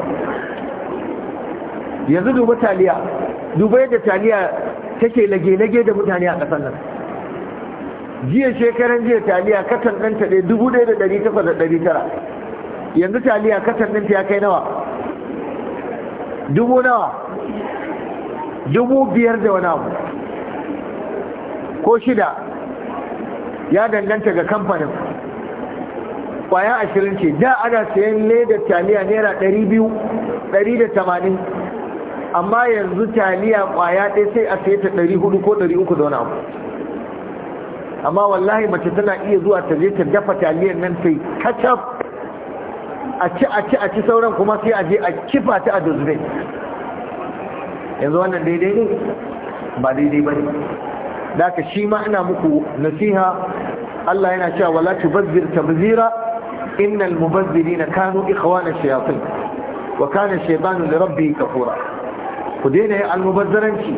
yanzu duba taliya duba yadda taliya take lage-lage da mutane a ƙasar nan jiya shekaran jiya taliya katan ta ɗaya dubu ɗaya da ɗari takwas da ɗari tara yanzu taliya katan ta ya kai nawa dubu nawa dubu biyar da wani abu ko shida ya danganta ga kamfanin kwaya ashirin ce da ana sayan leda taliya naira ɗari biyu ɗari da tamanin amma yanzu taliya kwaya ɗaya sai a sayata ta ɗari hudu ko ɗari uku da wani abu amma wallahi mace tana iya zuwa ta je ta dafa taliyar nan ta kacaf a ci a ci a ci sauran kuma sai a je a kifa ta a dozbe yanzu wannan daidai ne ba daidai ba ne da ka shi ma ina muku nasiha Allah yana cewa wala tubazzir tabzira innal mubazzirina kanu ikhwana shayatin wa kana shaytanu li rabbihi kafura ku daina yin almubazzaranci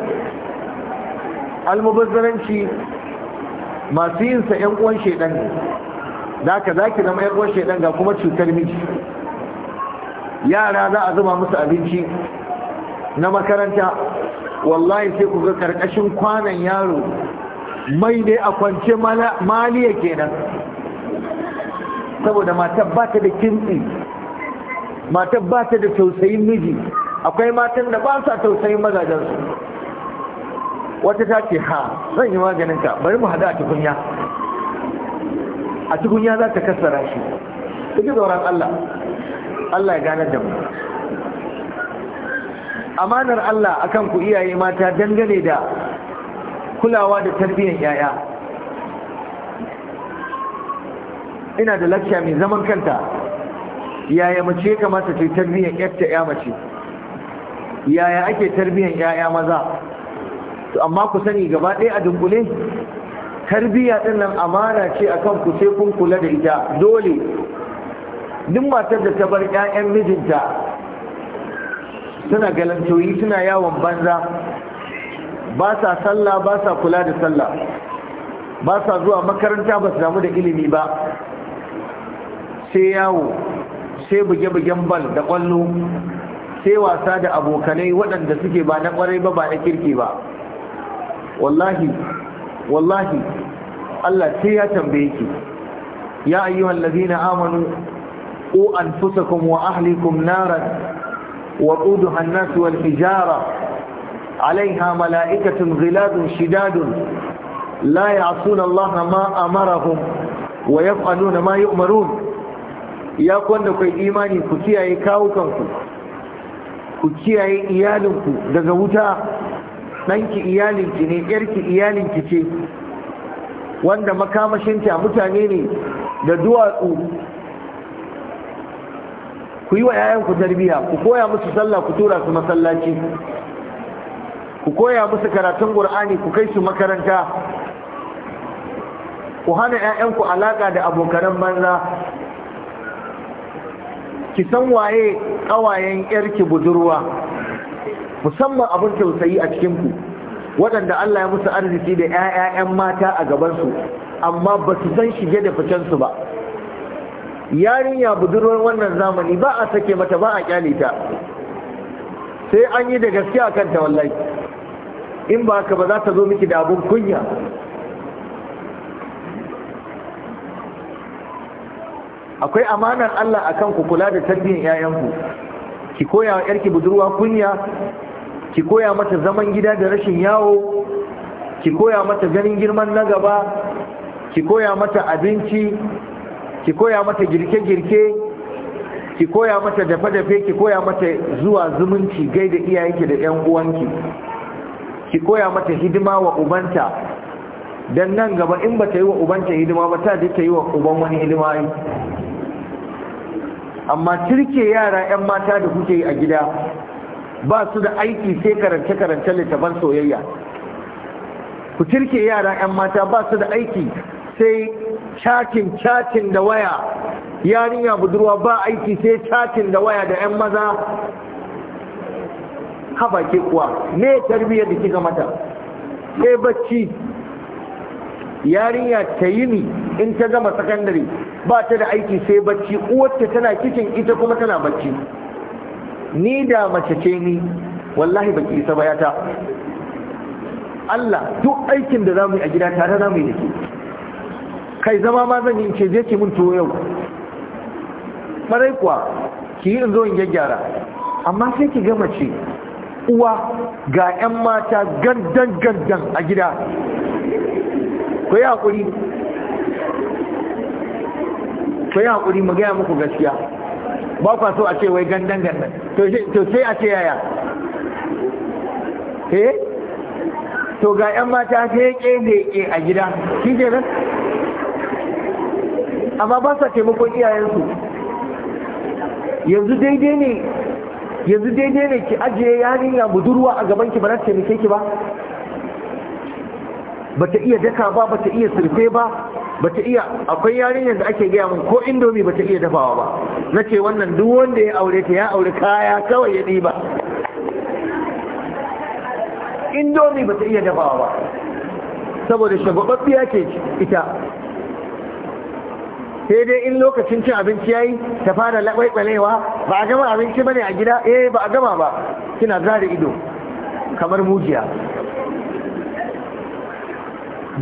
almubazzaranci masu yin sa yan uwan shaydan ne da ka zaki zama ƴan uwan shaydan ga kuma cutar miji yara za a zuba musu abinci na makaranta wallahi sai ku ga karkashin kwanan yaro mai ne a kwance maliya kenan saboda matan ba ta da kintsi matan ba ta da tausayin miji akwai matan da ba sa tausayin mazajensu wata ta ce ha zan yi maganin ka bari mu hada a tukunya a tukunya za ta kasara shi suke tsoron Allah Allah ya gane da mu amanar Allah akan ku iyaye mata dangane da kulawa da tarbiyyar yaya ina da lakca mai zaman kanta yaya mace kamata ce tarbiyyar yarta ya mace yaya ake tarbiyyar yaya maza to amma ku sani gaba ɗaya a dunkule tarbiyya ɗin nan amana ce akan ku sai kun kula da ita dole duk matar da ta bar 'ya'yan mijinta suna galantoyi suna yawon banza ba sa sallah ba sa kula da sallah ba sa zuwa makaranta ba su damu da ilimi ba sai yawo sai buge-bugen bal da kwallo sai wasa da abokanai waɗanda suke ba na ƙwarai ba ba na kirki ba wallahi wallahi Allah sai ya tambaye ki ya ayyuhal ladina amanu ku anfusakum wa ahlikum naran wa quduha an wal hijara عليها ملائكة غلاد شداد لا يعصون الله ما أمرهم ويفعلون ما يؤمرون ya kwanda kai imani ku kiyaye kawukanku ku kiyaye iyalinku daga wuta ɗanki iyalinki ne yarki iyalinki ce wanda makamashinta mutane ne da duwatsu ku yi wa 'ya'yanku tarbiya ku koya musu sallah ku tura su masallaci ku koya musu karatun qur'ani ku kai su makaranta ku hana 'ya'yanku alaka da abokan banza ki san waye ƙawayen yarki budurwa musamman abin tausayi a cikin ku waɗanda Allah ya musu arziki da 'ya'ya'yan mata a gabansu amma ba su san shige da su ba yarinya budurwar wannan zamani ba a sake mata ba a kyale ta sai an yi da gaskiya kanta wallahi in ba haka ba za ta zo miki da abin kunya akwai amanar Allah akan ku kula da tarbiyyar yayanku ki koya wa yarki budurwa kunya ki koya mata zaman gida da rashin yawo ki koya mata ganin girman na gaba ki koya mata abinci ki koya mata girke-girke ki koya mata dafe-dafe ki koya mata zuwa zumunci gaida iyayenki da 'yan uwanki ki koya mata hidima wa ubanta dan nan gaba in ba ta yi wa ubanta hidima ba ta je ta yi wa uban wani hidima yi amma cirke yara 'yan mata da kuke yi a gida ba su da aiki sai karance-karance littafan soyayya ku cirke yara 'yan mata ba su da aiki sai chatin chatin da waya yarinya budurwa ba aiki sai chatin da waya da 'yan maza haba ke kuwa me tarbiyyar da kika mata sai bacci yarinya ta yi ni in ta gama sakandare ba ta da aiki sai bacci uwarta tana kicin ita kuma tana bacci ni da mace ce ni wallahi baki isa ba ta Allah duk aikin da zamu yi a gida tare zamu yi da ke kai zama ma zan yi in ce zai ki mun tuwo yau marai kuwa ki yi in zo in gyaggyara amma sai ki gama ce uwa ga 'yan mata gandan gandan a gida ku yi haƙuri ku yi haƙuri mu gaya muku gaskiya ba kwa so a ce wai gandan gandan to sai a ce yaya he eh? to ga 'yan mata feke feke a gida shi ke nan amma ba sa taimakon iyayensu yanzu daidai ne yanzu daidai ne ki ajiye yarinya budurwa a gaban ki ba za ki ba bata iya daka ba bata iya surfe ba bata iya akwai yarinyar da ake gaya min ko indomi bata iya dafawa ba nace wannan duk wanda ya aure ta ya aure kaya kawai ya diba indomi bata iya dafawa ba saboda shagwababbiya ke ita sai dai in lokacin cin abinci yayi ta fara laɓaiɓalewa ba a gama abinci ba ne a gida eh ba a gama ba kina zare ido kamar mujiya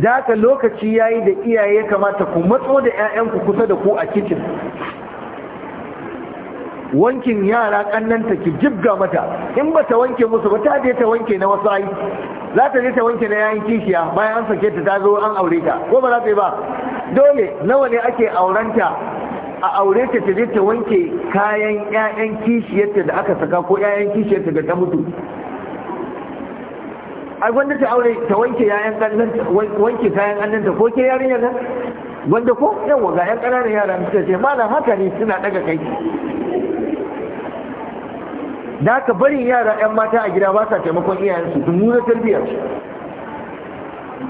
da lokaci yayi da iyaye kamata ku matso da 'ya'yanku kusa da ku a kicin wankin yara kannanta ki jibga mata in ba ta wanke musu ba ta je ta wanke na wasu ayi. za ta je ta wanke na yayin kishiya bayan an sake ta ta zo an aure ta ko ba za ta yi ba dole nawa ne ake aurenta a aure ta ta ta wanke kayan 'ya'yan kishiyarta da aka saka ko 'ya'yan kishiyarta da ta mutu ai wanda ta aure ta wanke 'ya'yan ƙannanta wanke kayan ƙannanta ko ke yarinya nan wanda ko 'yan waga, 'yan ƙananan yara mutum ce malam haka ne suna ɗaga kai da aka barin yara 'yan mata a gida ba sa taimakon iyayensu su nuna tarbiyyar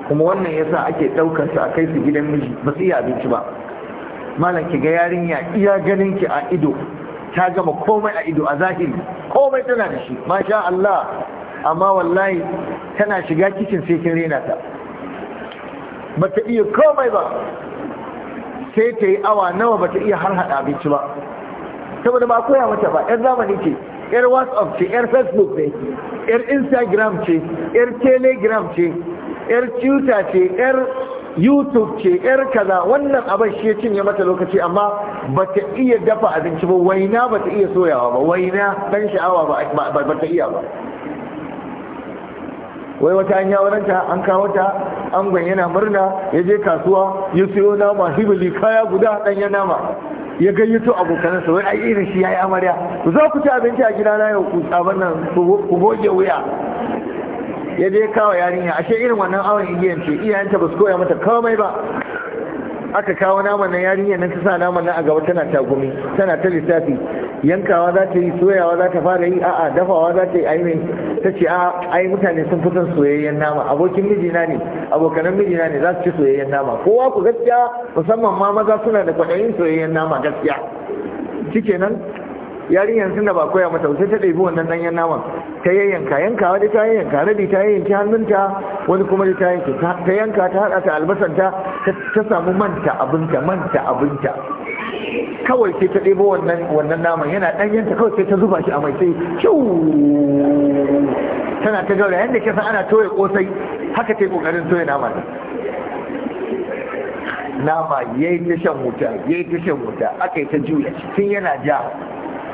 kuma wannan yasa ake daukar su a kai su gidan miji ba su iya abinci ba malam ki ga yarinya iya ganin ki a ido ta gama komai a ido a zahiri komai tana da shi masha Allah amma wallahi tana shiga kicin sai kin rena ta ba ta iya komai ba sai ta yi awa nawa ba ta iya har hada abinci ba saboda ba koya mata ba yar zamani ce yar whatsapp ce yar facebook ne yar instagram ce yar telegram ce yar tuta ce yar youtube ce yar kaza wannan abin shi ya mata lokaci amma ba ta iya dafa abinci ba waina ba ta iya soyawa ba waina ɗan sha'awa ba ta iya ba wai wata an ranta an kawo ta angon yana murna ya je kasuwa ya siyo nama hibili kaya guda ɗanya nama ya gayyato abokanansa wai ai irin shi ya yi amarya za ku ci abinci a gida na yau ku tsaban nan ku goge wuya ya je kawo yarinya ashe irin wannan awon igiyan ce iyayenta ba su koya mata komai ba aka kawo naman na yarinya nan ta sa naman nan a gaba tana tagumi tana ta lissafi yankawa za ta yi soyawa za ta fara yi a'a dafawa za ta yi aini ta ce a ai mutane sun fi son soyayyen nama abokin mijina ne abokanan mijina ne za su ci soyayyen nama kowa ku gaskiya musamman ma maza suna da kwaɗayin soyayyen nama gaskiya shikenan yarinyar sun da ba koya mata sai ta ɗabi wannan ɗanyen naman ta yayyanka yanka wani ta yayyanka rabi ta yayyanki hannunta wani kuma da ta yanke ta yanka ta haɗa ta albasanta ta samu manta abinta manta abinta kawai sai ta ɗebo wannan wannan naman yana ɗanyenta kawai sai ta zuba shi a mai sai shiu tana ta gaura yadda kasa ana toye kosai haka ta yi ƙoƙarin toye naman nama ya yi ta shan wuta ya yi ta shan wuta aka yi ta juya tun yana ja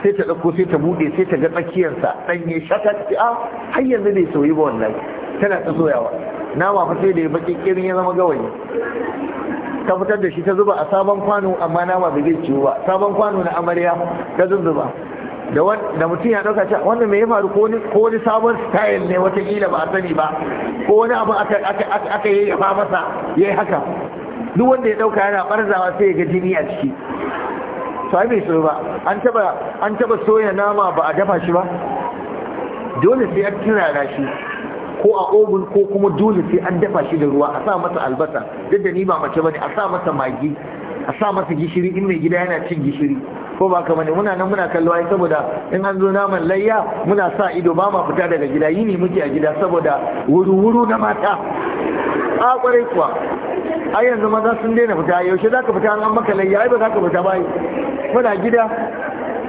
sai ta ɗauko sai ta buɗe sai ta ga tsakiyarsa ɗanye shakat a ah, har yanzu bai soyi ba wannan tana ta soyawa nama fa sai da ya baki kirin ya zama gawayi ta fitar da shi ta zuba a sabon kwano amma nama bai zai ciwo ba sabon kwano na amarya ta zuzzuba da mutum ya ɗauka cewa wannan mai ya faru ko wani sabon style ne watakila ba a sani ba ko wani abu aka yi ya masa ya yi haka duk wanda ya ɗauka yana ɓarzawa sai ya ga jini a ciki to su ba an taba soya nama ba a dafa shi ba dole sai an turara shi ko a ogun ko kuma dole sai an dafa shi da ruwa a sa masa albasa duk da ni ba mace bane a sa masa magi a sa masa gishiri in mai gida yana cin gishiri ko ba kamar ne muna nan muna kallo ai saboda in an zo naman layya muna sa ido ba ma fita daga gida yini muke a gida saboda wuru-wuru na mata a kwarai kuwa ai yanzu maza sun daina fita yaushe za ka fita an maka layya ai ba za ka fita ba muna gida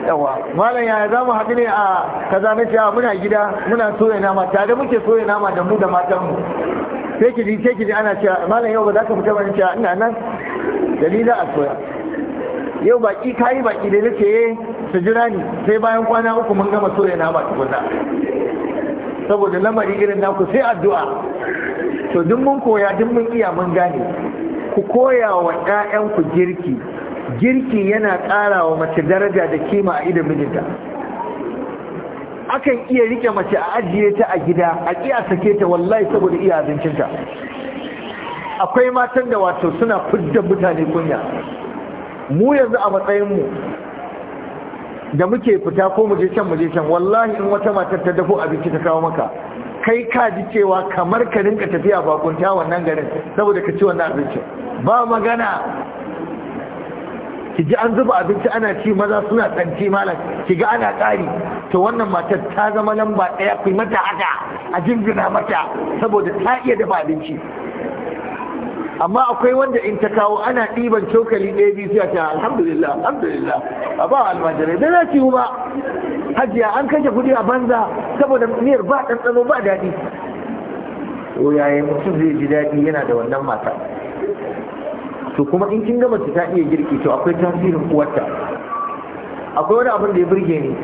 yawa malam yaya za mu haɗu ne a kaza na cewa muna gida muna soya nama tare muke soya nama da mu da matanmu sai ki ji sai ki ji ana cewa malam yau ba za ka fita ba ni cewa ina nan dalila a soya yau baki kayi baki da nake eh, su jira ni sai bayan kwana uku mun gama soya nama tukuna saboda lamari irin naku sai addu'a to duk mun koya duk mun iya mun gane ku koya wa 'ya'yanku girki girki yana ƙara wa mace daraja da kima a idan mijinta akan iya rike mace a ajiye ta a gida a iya sake ta wallahi saboda iya abincinta akwai matan da wato suna fidda mutane kunya mu yanzu a matsayin mu da muke fita ko muje can muje can wallahi in wata matar ta dafo abinci ta kawo maka kai ka ji cewa kamar ka rinka tafiya kunta wannan garin saboda ka ci wannan abinci ba magana ki ji an zuba abinci ana ci maza suna tsanci malam ki ga ana ƙari to wannan matar ta zama lamba ɗaya ku mata haka a jingina mata saboda ta iya dafa abinci amma akwai wanda in ta kawo ana ɗiban cokali ɗaya biyu sai ta alhamdulillah alhamdulillah a ba almajirai da za ci ba hajiya an kashe kuɗi a banza saboda miyar ba ɗanɗano ba daɗi to yaya mutum zai ji daɗi yana da wannan mata to kuma in kin gama ta iya girki to akwai tasirin uwarta akwai wani abin da ya burge ni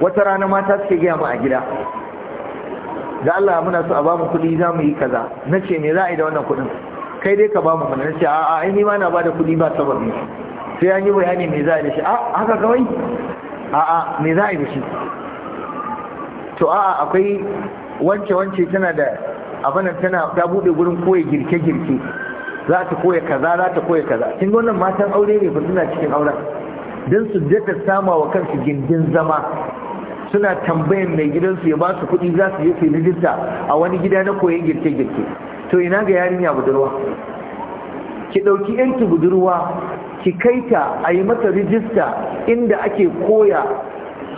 wata rana mata suke gaya mu a gida da Allah muna so a bamu kuɗi za mu yi kaza na ce me za a yi da wannan kuɗin kai dai ka bamu mana na ce a'a ai ni ma na da kuɗi ba sababi sai an yi bayani me za a yi da shi a ah, haka kawai a'a me za a yi da shi to a'a akwai wance-wance tana da abinan tana ta bude gurin koya girke-girke za ta koya kaza za ta koya kaza kin wannan matan aure ne ba suna cikin auren Don su data sama wa kansu gindin zama suna tambayan mai gidansu ya ba su kuɗi za su je su rijista a wani gida na koyon girke-girke to ina ga yarinya budurwa ki ɗauki yanki budurwa ki kai ta a yi mata rijista inda ake koya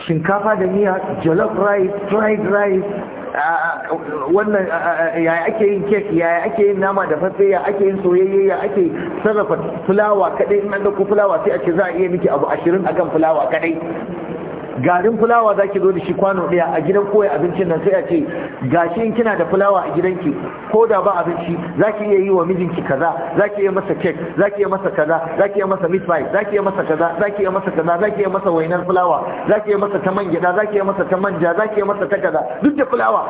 shinkafa da miya jollof rice fried rice wannan yaya ake yin kek yaya ake yin nama da fatse ya ake yin soyayya ya ake sarrafa fulawa kadai in an dauko fulawa sai a ce za a iya miki abu ashirin akan fulawa kadai garin fulawa za ki zo da shi kwano daya a gidan koya abincin nan sai a ce gashi in kina da fulawa a gidanki ko da ba abinci za ki iya yi wa mijinki kaza za ki iya masa cake? za ki iya masa kaza za ki iya masa meat pie za ki iya masa kaza za ki iya masa kaza za ki iya masa wainar fulawa za ki iya masa ta man gyaɗa za ki iya masa ta manja za ki iya masa ta kaza duk da fulawa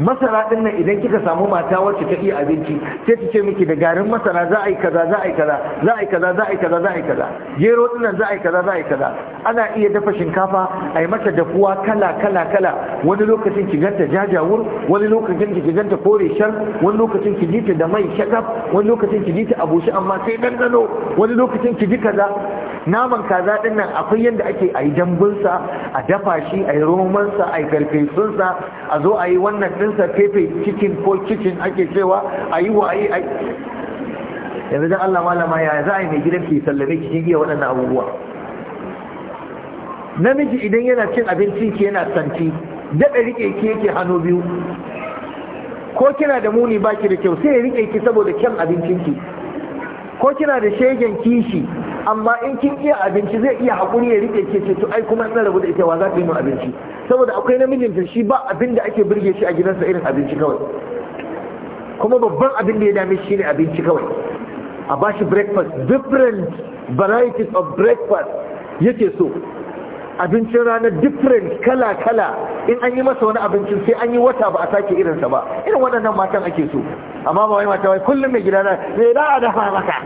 masara din nan idan kika samu mata wacce ta iya abinci sai ta ce miki da garin masara za a yi kaza za a yi kaza za a yi kaza za a yi kaza za a yi kaza gero din nan za a yi kaza za a yi kaza ana iya dafa shinkafa a yi mata dafuwa kala kala kala wani lokacin ki ganta jajawur wani lokacin ki ganta kore shar wani lokacin ki ji ta da mai shakaf wani lokacin ki ji ta abushi amma sai dangano. wani lokacin ki ji kaza naman kaza din nan akwai yadda ake a yi dambunsa a dafa shi a yi romansa a yi karfesunsa a zo a yi wannan din sunansa pepe cikin ko cikin ake cewa a yi wa a yi yanzu don Allah malama ya za a yi mai gidan ke sallame cikin iya waɗannan abubuwa namiji idan yana cin abinci ki yana santi daɗa riƙe ki yake hannu biyu ko kina da muni baki da kyau sai ya riƙe ki saboda kyan ki, ko kina da shegen kishi amma in kin iya abinci zai iya haƙuri ya riƙe ki ce to ai kuma in rabu da ita wa za ta yi mu abinci saboda akwai namijin da shi ba abin da ake burge shi a gidansa irin abinci kawai kuma babban abin da ya dame shi ne abinci kawai a ba shi breakfast different varieties of breakfast yake so abincin ranar different kala-kala in an yi masa wani abincin sai an yi wata ba a sake irinsa ba irin waɗannan matan ake so amma ba wai mata wai kullum mai gidana mai za a dafa maka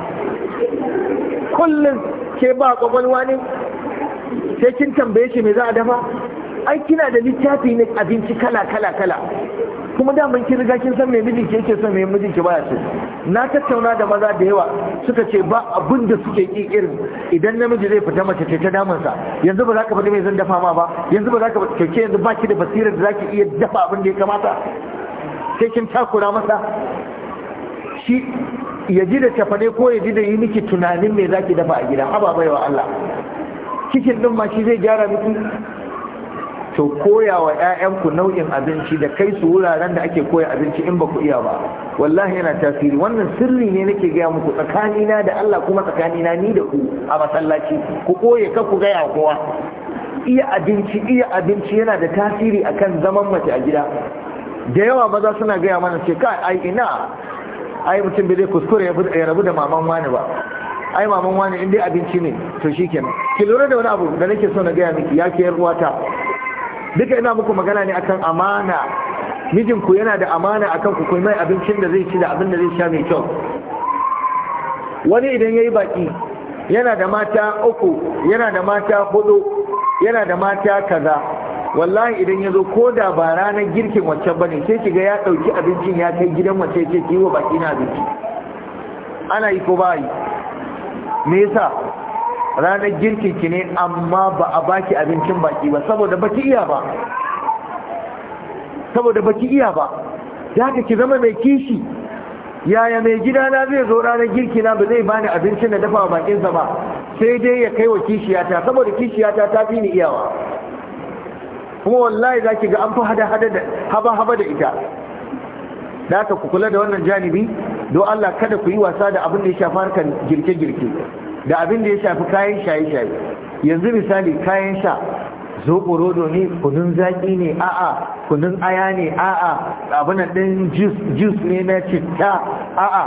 kullum ke ba kwakwalwa ne sai kin tambaye shi mai za a dafa ai kina da littafi na abinci kala kala kala kuma da kin riga kin san me miji ke yake son me miji ke baya so na tattauna da maza da yawa suka ce ba abin da suke ki irin idan namiji zai fita mace ce ta damun sa yanzu ba za ka faɗi mai zan dafa ma ba yanzu ba za ka keke yanzu ba ki da basirar da za ki iya dafa abin da ya kamata sai kin takura masa shi ya ji da tafane ko ya ji da yi miki tunanin me za ki dafa a gida haba baiwa Allah Kikin din ma shi zai gyara miki to koya wa 'ya'yanku nau'in abinci da kai su wuraren da ake koya abinci in ba ku iya ba wallahi yana tasiri wannan sirri ne nake gaya muku tsakanina da Allah kuma tsakanina ni da ku a masallaci ku koye ka ku gaya kowa iya abinci iya abinci yana da tasiri akan zaman mace a gida da yawa maza suna gaya mana ce kai ai ina ai mutum bai zai kuskure ya rabu da maman wani ba ai maman wani in abinci ne to shikenan ki lura da wani abu da nake so na gaya miki ya ke yar uwata duka ina muku magana ne akan amana mijinku yana da amana akan ku mai abincin da zai ci da abin da zai sha mai kyau wani idan yayi baki yana da mata uku yana da mata hudu yana da mata kaza wallahi idan ya zo ko da ba ranar girkin wacce bane sai kiga ya ɗauki abincin ya kai gidan wace wacce yake wa baki na abinci ana yi ko ba yi me yasa ranar girkin ki ne amma ba a baki abincin baki ba saboda baki iya ba saboda baki iya ba ya ka ki zama mai kishi yaya mai gida na zai zo ranar girki na ba zai bani abincin da dafa bakinsa ba sai dai ya kai wa kishiyata saboda kishiyata ta fi ni iyawa kuma wallahi za ki ga an fi hada haba-haba da ita da ku kula da wannan janibi don Allah kada ku yi wasa da abin da ya shafa harkar girke-girke da abin da ya shafi kayan shaye-shaye yanzu misali kayan sha zoɓo rodo ne kunun zaƙi ne a'a kunun aya ne a'a abin ɗin jus ne na citta a'a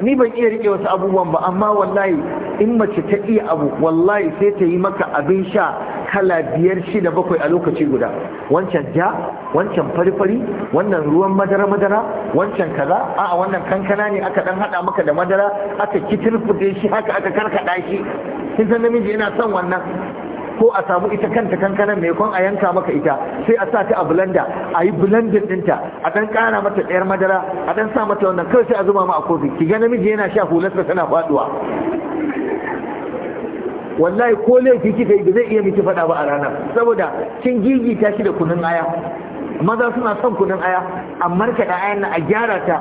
ni ban iya rike wasu abubuwan ba amma wallahi in mace ta iya abu wallahi sai ta yi maka abin sha kala biyar shida bakwai a lokaci guda wancan ja wancan fari-fari wannan ruwan madara-madara wancan kaza a wannan kankana ne aka dan hada maka da madara aka kitirfude shi haka aka karkada shi kin san namiji yana son wannan ko a samu ita kanta kankanan kon a yanka maka ita sai a sa ta a blender a yi blending dinta a dan kara mata ɗayar madara a dan sa mata wannan kawai sai a zuba ma a kofi ki ga namiji yana sha hulasa tana faduwa wallahi ko laifi kika yi ba zai iya miki faɗa ba a rana saboda kin gigita shi da kunun aya maza suna son kunun aya amma ka da ayan nan a gyara ta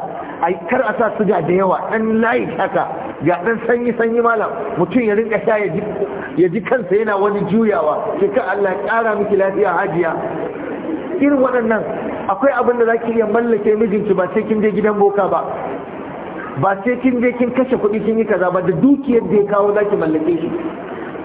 a kar a sa suga da yawa dan layi haka ga dan sanyi sanyi malam mutum ya rinka sha ya ji kansa yana wani juyawa ke ka Allah ƙara miki lafiya hajiya irin waɗannan akwai abin da zaki iya mallake mijinki ba sai kin je gidan boka ba ba sai kin je kin kashe kuɗi kin yi kaza ba da dukiyar da ya kawo zaki mallake shi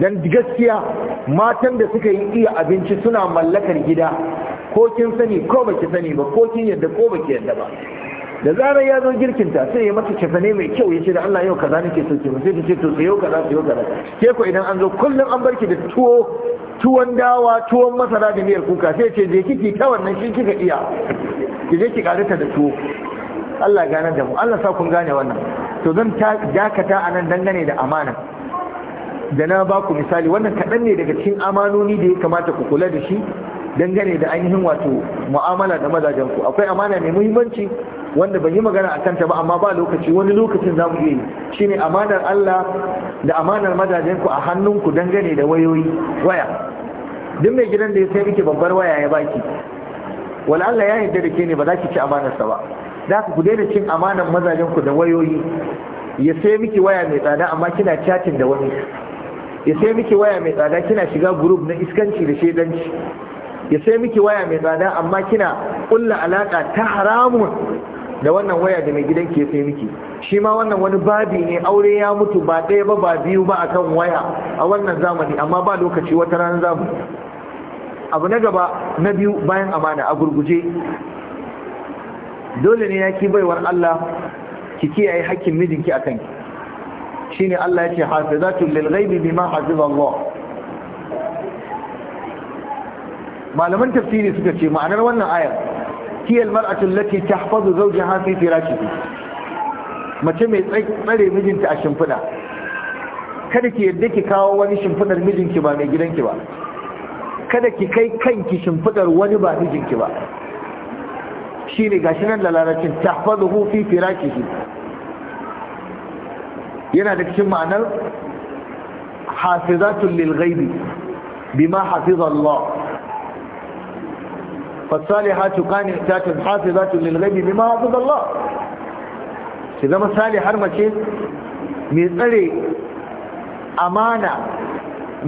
don gaskiya matan da suka yi iya abinci suna mallakar gida ko kin sani ko baki sani ba ko kin yadda ko baki yadda ba da zarar ya zo girkinta sai ya mata cefane mai kyau ya ce da Allah yau kaza nake so ba. sai ta ce to yau kaza yau kaza ke ko idan an zo kullum an barki da tuwo tuwon dawa tuwon masara da miyar kuka sai ce je kiki ta wannan shi kika iya ki je ki karanta da tuwo Allah gane da mu Allah sa kun gane wannan to zan dakata anan dangane da amana da na ba ku misali wannan kaɗan ne daga cikin amanoni da ya kamata ku kula da shi dangane da ainihin wato mu'amala da mazajen ku akwai amana mai muhimmanci wanda ban yi magana a kanta ba amma ba lokaci wani lokacin za mu iya yi shine amanar Allah da amanar mazajen ku a hannunku dangane da wayoyi waya duk mai gidan da ya sai miki babbar waya ya baki wala Allah ya yarda da ke ne ba za ki ci amanarsa ba za ku daina cin amanar mazajen ku da wayoyi ya sai miki waya mai tsada amma kina chatting da wani ya sai miki waya mai tsada kina shiga group na iskanci da shedanci ya sai miki waya mai tsada amma kina kulla alaka ta haramun da wannan waya da mai gidanki ya sai miki shi ma wannan wani babi ne aure ya mutu ba ɗaya ba ba biyu ba akan waya a wannan zamani amma ba lokaci wata ranar zamani abu na gaba na biyu bayan amana a gurguje dole ne ya ki baiwar Allah ki kiyaye hakkin mijinki a kanki shine Allah yake hafizatul lil ghaibi bima Allah malaman tafsiri suka ce ma'anar wannan ayar al almar'atu allati tahfazu zawjaha fi firashihi mace mai tsare mijinta a shimfiɗa kada ki yadda ki kawo wani shimfiɗar mijinki ba mai gidanki ba kada ki kai kanki shimfiɗar wani ba mijinki ba shine gashi nan da larabcin tahfazuhu fi firashihi yana da cikin ma'anar hafizatun lil ghaibi bima hafiza Allah fasalihatu qanitatun hafizatun lil ghaibi bima hafiza Allah ki zama salihar mace mai tsare amana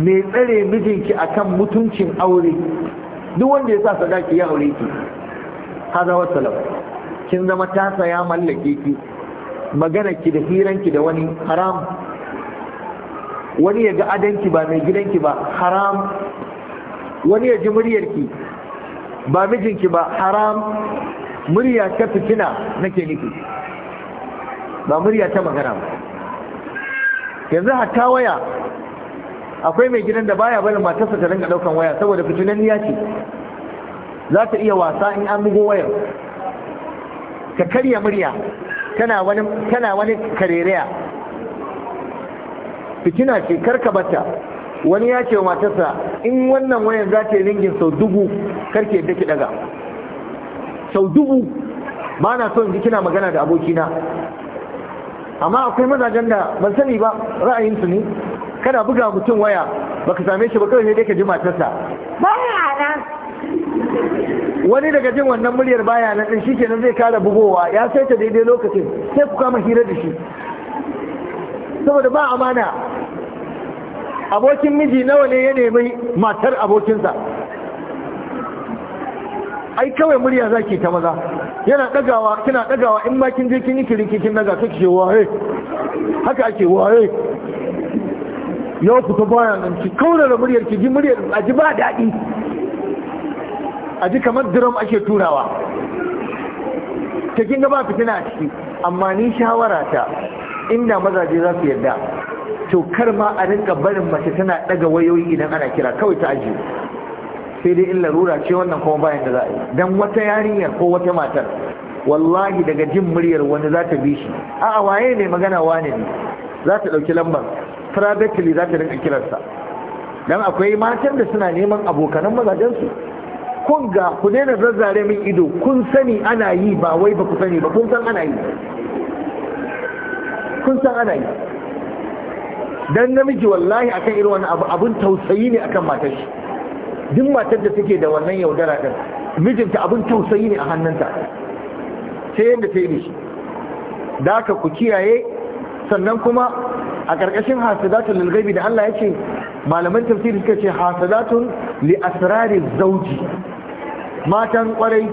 mai tsare mijinki akan mutuncin aure duk wanda ya sa sadaki ya aure ki haza wasalam kin zama ta saya mallake ki maganarki da hiranki da wani haram wani ya ga adanki ba mai gidanki ba haram wani ya ji muryarki ba mijinki ba haram murya ta fitina nake nufi ba murya ta magana ba yanzu hatta waya akwai mai gidan da baya barin matarsa ta ringa daukan waya saboda fitinanniya ce za ta iya wasa in an bugo wayar ka karya murya tana wani tana wani karereya fitina ce karka bata wani ya ce wa matarsa in wannan wayan za ta yi ringin sau dubu karke yadda ki daga sau dubu ba na so in ji kina magana da abokina amma akwai mazajen da ban sani ba ra'ayinsu ne kana buga mutum waya baka same shi ba kawai ne dai ka ji matarsa ba ya wani daga jin wannan muryar baya na ɗin nan zai kara bugowa ya saita daidai lokacin sai ku kama hira da shi saboda ba amana abokin miji nawa ne ya nemi matar abokinsa ai kawai murya zaki ta maza yana dagawa kina dagawa in ma kin je kin yi kiriki kin daga kake ce waye haka ake waye yau ku ta bayan nan ki kaura da muryar ki ji muryar a ji ba daɗi a ji kamar drum ake turawa Cikin gaba fitina a ciki amma ni shawara ta inda mazaje za su yarda to kar ma a rinka barin mace tana daga wayoyi idan ana kira kawai ta ajiye sai dai in larura ce wannan kuma bayan da za a yi dan wata yarinyar ko wata matar wallahi daga jin muryar wani za ta bi shi a'a waye ne magana wane ne za ta ɗauki lambar privately za ta rinka kiransa dan akwai matan da suna neman abokanan mazajensu kun ga ku daina zazzare min ido kun sani ana yi ba wai ba ku sani ba kun san ana yi kun san ana yi dan namiji wallahi akan irin wani abu abun tausayi ne akan matar shi duk matar da take da wannan yaudara din mijinta abun tausayi ne a hannunta sai yadda ta yi shi da aka ku kiyaye sannan kuma a ƙarƙashin hasadatun lilgaibi da Allah ya ce malaman tafsiri suka ce hasadatun li asrarin zauji matan kwarai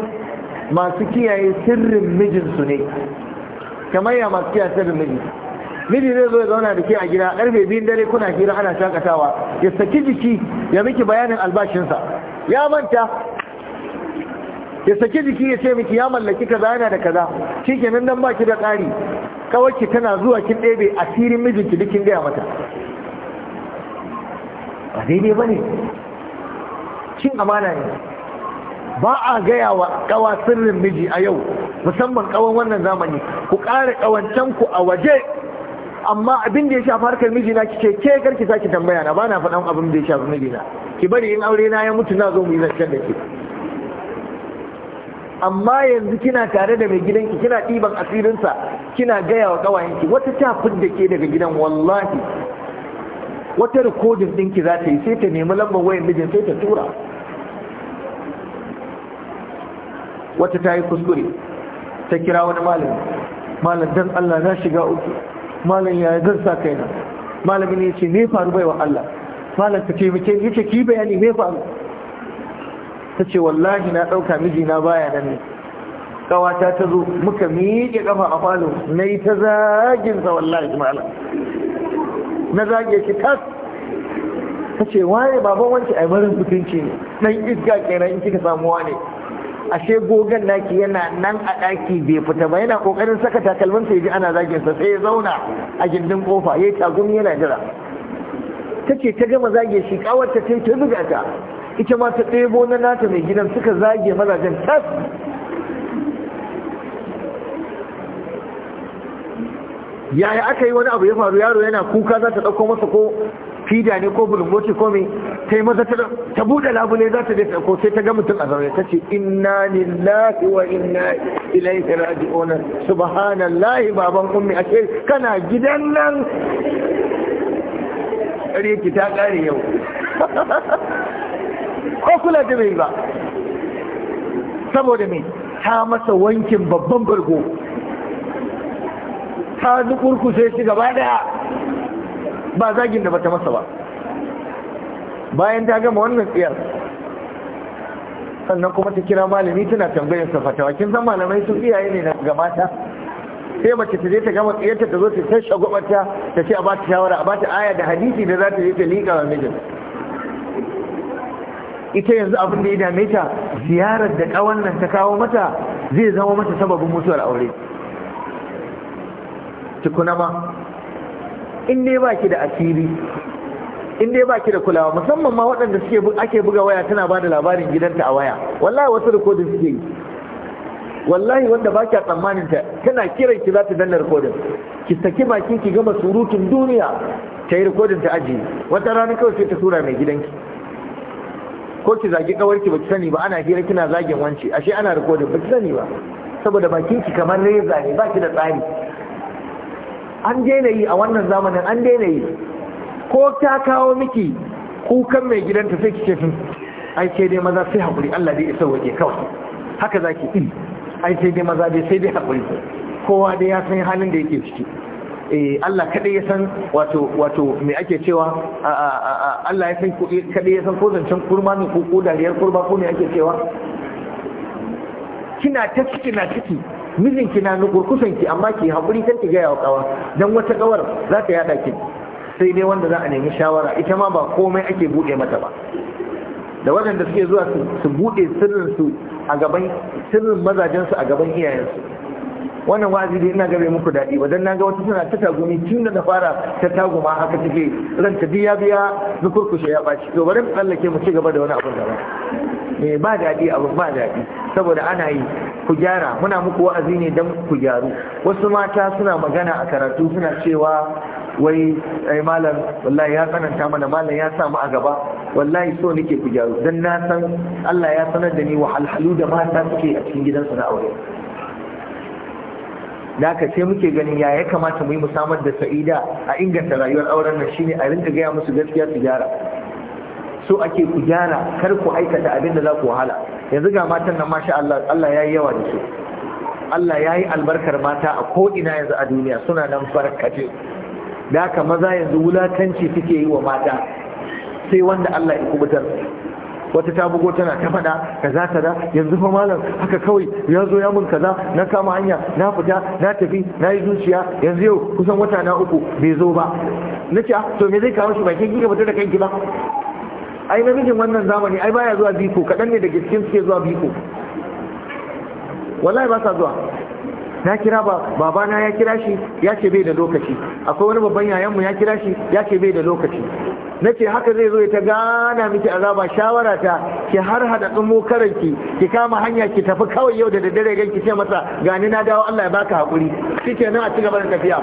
masu kiyaye sirrin mijinsu ne kamar ya masu kiyaye sirrin miji miji zai zo ya zauna da ke a gida karfe biyun dare kuna hira ana shakatawa ya saki jiki ya miki bayanin albashinsa ya manta ya saki jiki ya ce miki ya mallaki kaza yana da kaza nan ba baki da ƙari kawai tana zuwa kin ɗebe a sirrin mijinki duk kin gaya mata ba daidai ba ne cin amana ne ba a gaya wa kawa sirrin miji a yau musamman kawan wannan zamani ku ƙara kawancen ku a waje amma abin da ya shafi harkar mijina kike ke karki saki tambaya na ba na faɗan abin da ya shafi mijina ki bari in aure na ya mutu na zo mu yi zancen da ke amma yanzu kina tare da mai gidanki kina ɗiban asirinsa kina gaya wa ƙawayenki wata tafin da ke daga gidan wallahi wata rikodin ɗinki za ta yi sai ta nemi lambar wayan mijin sai ta tura wata ta yi kuskure ta kira wani malami malam don Allah na shiga uku malam ya zan sa na. malami ne ce me faru bai wa Allah malam ta ce muke ce ki bayani me faru ta ce wallahi na dauka miji na baya nan ne kawata ta zo muka miƙe kafa a falo na yi ta zagin sa wallahi malam na zage shi tas ta ce waye baban wancan ai barin mutunci ne ɗan iska kenan in kika samuwa ne. ashe gogan naki yana nan a ɗaki bai fita ba yana kokarin saka takalmin sai ji ana zagin sa sai ya zauna a gindin kofa yayi tagumi yana jira tace ta gama zage shi kawarta sai ta zuga ta ita ma ta ɗebo na nata mai gidan suka zage mazajen tas yaya aka yi wani abu ya faru yaro yana kuka za ta ɗauko masa ko fida ne ko bulmoti ko mai ta yi maza ta buɗe labule za ta ko sai ta gama tun a zaune ta ce inna lillahi wa inna ilaihi raji'un subhanallahi baban ummi ashe kana gidan nan reki ta kare yau ko kula da bai ba saboda mai ta masa wankin babban bargo ta sai shi gaba daya ba zagin da bata masa ba bayan ta gama wannan tsiyar sannan kuma ta kira malami tana tambayar sa fatawa kin san malamai sun iyaye ne ga mata sai mace ta je ta gama tsiyarta ta zo ta san shagwabarta ta ce a ba ta shawara a ba ta aya da hadisi da za ta je ta liƙa wa mijin ita yanzu abin da ya dame ta ziyarar da kawan nan ta kawo mata zai zama mata sababin mutuwar aure tukuna ma in ba ki da asiri in dai ba ki da kulawa musamman ma waɗanda suke ake buga waya tana ba da labarin gidanta a waya wallahi wasu rikodin suke yi wallahi wanda ba kya tsammanin tsammaninta tana kiran ki za ta danna rikodin ki saki bakin ki gama surutun duniya ta yi rikodin ta ajiye wata rana kawai sai ta tura mai gidanki ko ki zagi ki baki sani ba ana hira kina zagin wance ashe ana rikodin baki sani ba saboda bakin ki kamar reza ne baki da tsari an daina yi a wannan zamanin an daina yi ko ta kawo miki kukan mai gidanta sai kike sun hmm, ai sai dai maza sai hakuri Allah dai isa waje kawai haka zaki yi ai sai dai maza dai sai dai hakuri kowa dai ya san halin da yake ciki eh Allah kadai ya san wato wato me ake cewa Allah ya san kadai ya san ko zancan kurma ne ko kodariyar dariyar kurma ko me ake cewa kina ta ciki na ciki mijinki na nukurkusanki amma ki haƙuri kan ki gaya wa kawa don wata kawar za ta yada ki sai dai wanda za a nemi shawara ita ma ba komai ake buɗe mata ba da waɗanda suke zuwa su buɗe sirrinsu sirrin mazajensu a gaban iyayensu wannan wazi dai ina gabe muku daɗi Wadan na ga wata suna ta tagumi tun da na fara ta taguma haka take ranta biya biya na kurkushe ya ɓaci to bari mu tsallake mu ci gaba da wani abin da ba Me eh, ba daɗi abu ba daɗi saboda ana yi ku gyara muna muku wa'azi ne don ku gyaru wasu mata suna magana a karatu suna cewa wai ai malam wallahi ya tsananta mana malam ya samu a gaba wallahi so nake ku gyaru Don na san Allah ya sanar da ni wahalhalu da mata suke a cikin gidan su na aure da ka sai muke ganin ya ya kamata mu yi musamman da sa'ida a inganta rayuwar auren nan shine a rinka gaya musu gaskiya su gyara so ake ku gyara kar ku aikata abin da za ku wahala yanzu ga matan nan masha Allah Allah yayi yawa da su Allah yayi albarkar mata a ko ina yanzu a duniya suna nan farkace. da haka maza yanzu wulakanci suke yi wa mata sai wanda Allah ya kubutar wata ta bugo tana ta faɗa kaza kaza yanzu fa malam haka kawai ya zo ya mun kaza na kama hanya na fita na tafi na yi zuciya yanzu yau kusan wata na uku bai zo ba na ah, to me zai kawo shi ba kai kika fita da kanki ba ai mijin wannan zamani ai baya zuwa biko kaɗan ne da cikin suke zuwa biko wallahi ba sa zuwa na kira ba babana ya kira shi ya ce bai da lokaci akwai wani babban yayanmu ya kira shi ya ce bai da lokaci na ce haka zai zo ya ta gana miki azaba shawara ta ki har hada tsumo karanki ki kama hanya ki tafi kawai yau da daddare ganki ce masa gani na dawo Allah ya baka hakuri shikenan a ci gaba da tafiya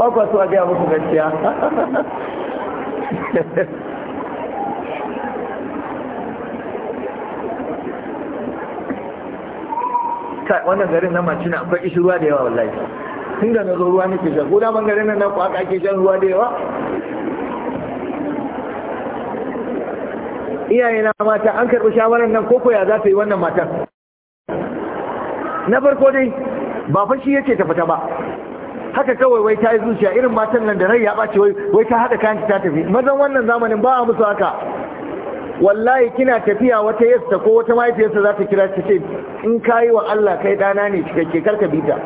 bakwa su a gaya muku gaskiya wannan garin na macina akwai ishi ruwa da yawa wallahi tun da na zo ruwa nake shan guda ban garin nan na kwaka ake shan ruwa da yawa Iyaye na mata an karɓi shawarar nan koko ya za ta yi wannan matan na farko dai ba fashi yake ta fita ba haka kawai wai ta yi zuciya irin matan nan da rai ya ɓace wai ta haɗa kayan ta tafi mazan wannan zamanin ba a musu haka wallahi kina tafiya wata yasta ko wata mahaifiyarsa za ta kira ta ce in ka yi wa Allah kai ɗana ne cikakke karka bi ta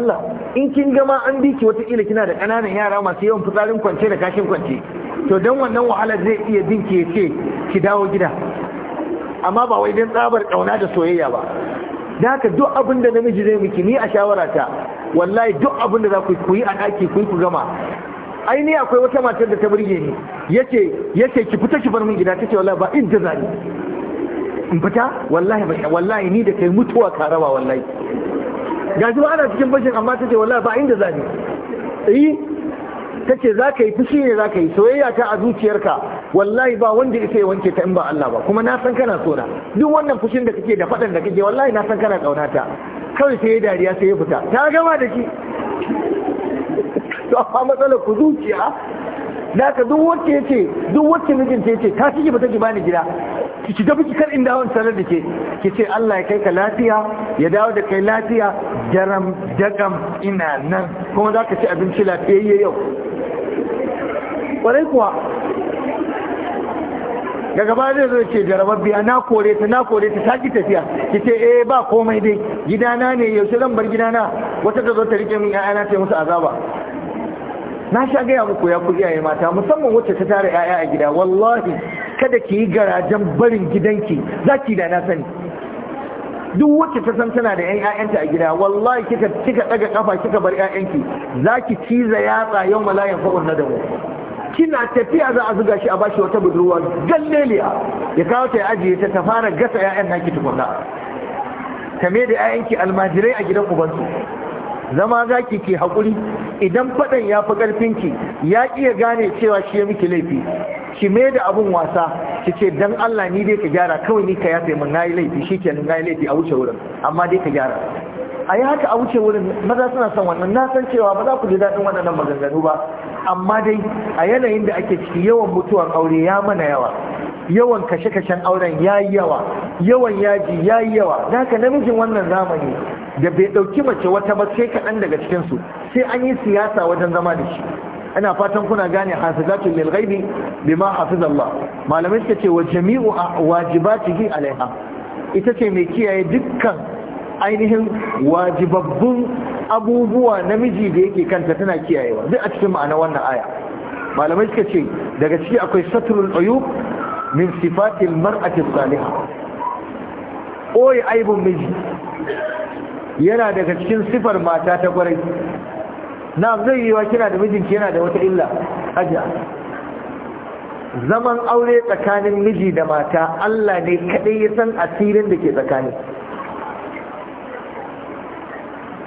Allah in kin gama an bi ki wata ila kina da ƙananan yara masu yawan fitsarin kwance da kashin kwance to don wannan wahala zai iya bin ya ce ki dawo gida amma ba wai dan tsabar kauna da soyayya ba da haka duk abin da namiji zai miki ni a shawara ta wallahi duk abin da za ku yi a ɗaki ku yi ku gama aini akwai wata matar da ta burge ni yace yace ki fita ki bar min gida tace wallahi ba in jaza ni in fita wallahi ba wallahi ni da kai mutuwa ka raba wallahi gaji ba ana cikin bashin amma tace wallahi ba inda zani eh tace za ka yi fushi ne za ka yi soyayya ta a zuciyarka wallahi ba wanda yake wanke ta in ba Allah ba kuma na san kana so na duk wannan fushin da kake da fadan da kake wallahi na san kana ta kawai sai ya dariya sai ya fita ta gama da shi to amma matsalar ku zuciya da ka duk wacce ya ce duk wacce mijinta ya ce ta ciki ba ta ki bani gida ki ci tafi kar inda wani sanar da ke ki ce Allah ya kai ka lafiya ya dawo da kai lafiya jaram, dagam ina nan kuma za ka ci abinci lafiyayye yau kwarai kuwa daga baya zai zo ce jarababbiya na kore ta na kore ta saki tafiya ki ce eh ba komai dai gidana ne yaushe zan bar gidana wata ta zo ta rike min na ta musu azaba na sha gaya muku ya ku iyaye mata musamman wacce ta tara ƴaƴa a gida wallahi kada ki yi garajen barin gidanki za ki da na sani duk wacce ta san tana da ƴan ƴaƴanta a gida wallahi kika kika daga kafa kika bar ƴaƴanki za ki ciza yatsa yau malayan fa'un nadamu kina tafiya za a zuga shi a bashi wata budurwa galleliya ya kawo ta ya ajiye ta ta fara gasa 'ya'yan naki tukunna ta da 'ya'yanki almajirai a gidan ubansu zama zaki ke haƙuri idan faɗan ya fi ƙarfinki ya iya gane cewa shi ya miki laifi ki me da abun wasa ki ce dan Allah ni dai ka gyara kawai ni ka yafe min nayi laifi shi shikenan nayi laifi a wuce wurin amma dai ka gyara a yi haka a wuce wurin maza suna son wannan na san cewa ba za ku ji daɗin waɗannan maganganu ba amma dai a yanayin da ake ciki yawan mutuwar aure ya mana yawa yawan kashe-kashen auren ya yi yawa yawan yaji ya yi yawa da haka namijin wannan zamani da bai ɗauki mace wata ba sai kaɗan daga cikinsu sai an yi siyasa wajen zama da shi ana fatan kuna gane hafizatu lil ghaibi bima hafizallah malamai suka ce wa jami'u wajibatihi alaiha ita ce mai kiyaye dukkan ainihin wajibabbun abubuwa namiji da yake kanta tana kiyayewa duk a cikin ma'ana wannan aya malamai suka ce daga ciki akwai satrul uyub min sifatil mar'ati salihah oyi aibun miji yana daga cikin sifar mata ta kwarai na zai yi wa kina da mijinki yana da wata illa aja zaman aure tsakanin miji da mata Allah ne kadai ya san asirin da ke tsakani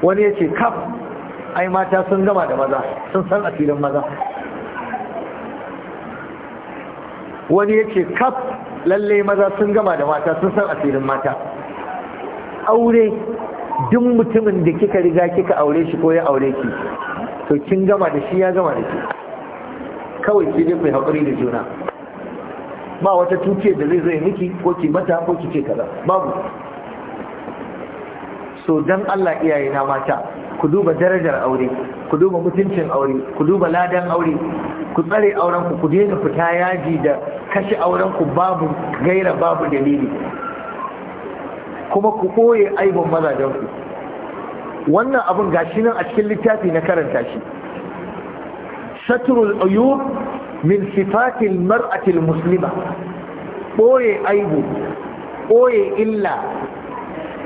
wani ya ce kaf ai mata sun gama da maza sun san asirin maza wani ya ce kaf lalle maza sun gama da mata sun san asirin mata aure duk mutumin da kika riga kika aure shi ko ya aure ki to kin gama da shi ya gama da ki kawai ki je ku haƙuri da juna ba wata tuke da zai zai miki ko ki mata ko ki ce kaza babu so don Allah iyaye na mata ku duba darajar aure ku duba mutuncin aure ku duba ladan aure ku tsare auren ku ku daina fita yaji da kashe auren ku babu gaira babu dalili kuma ku koye aibin mazajen ku wannan abun gashi nan a cikin littafi na karanta shi satrul ayub min sifatil mar'atil muslima boye aibu boye illa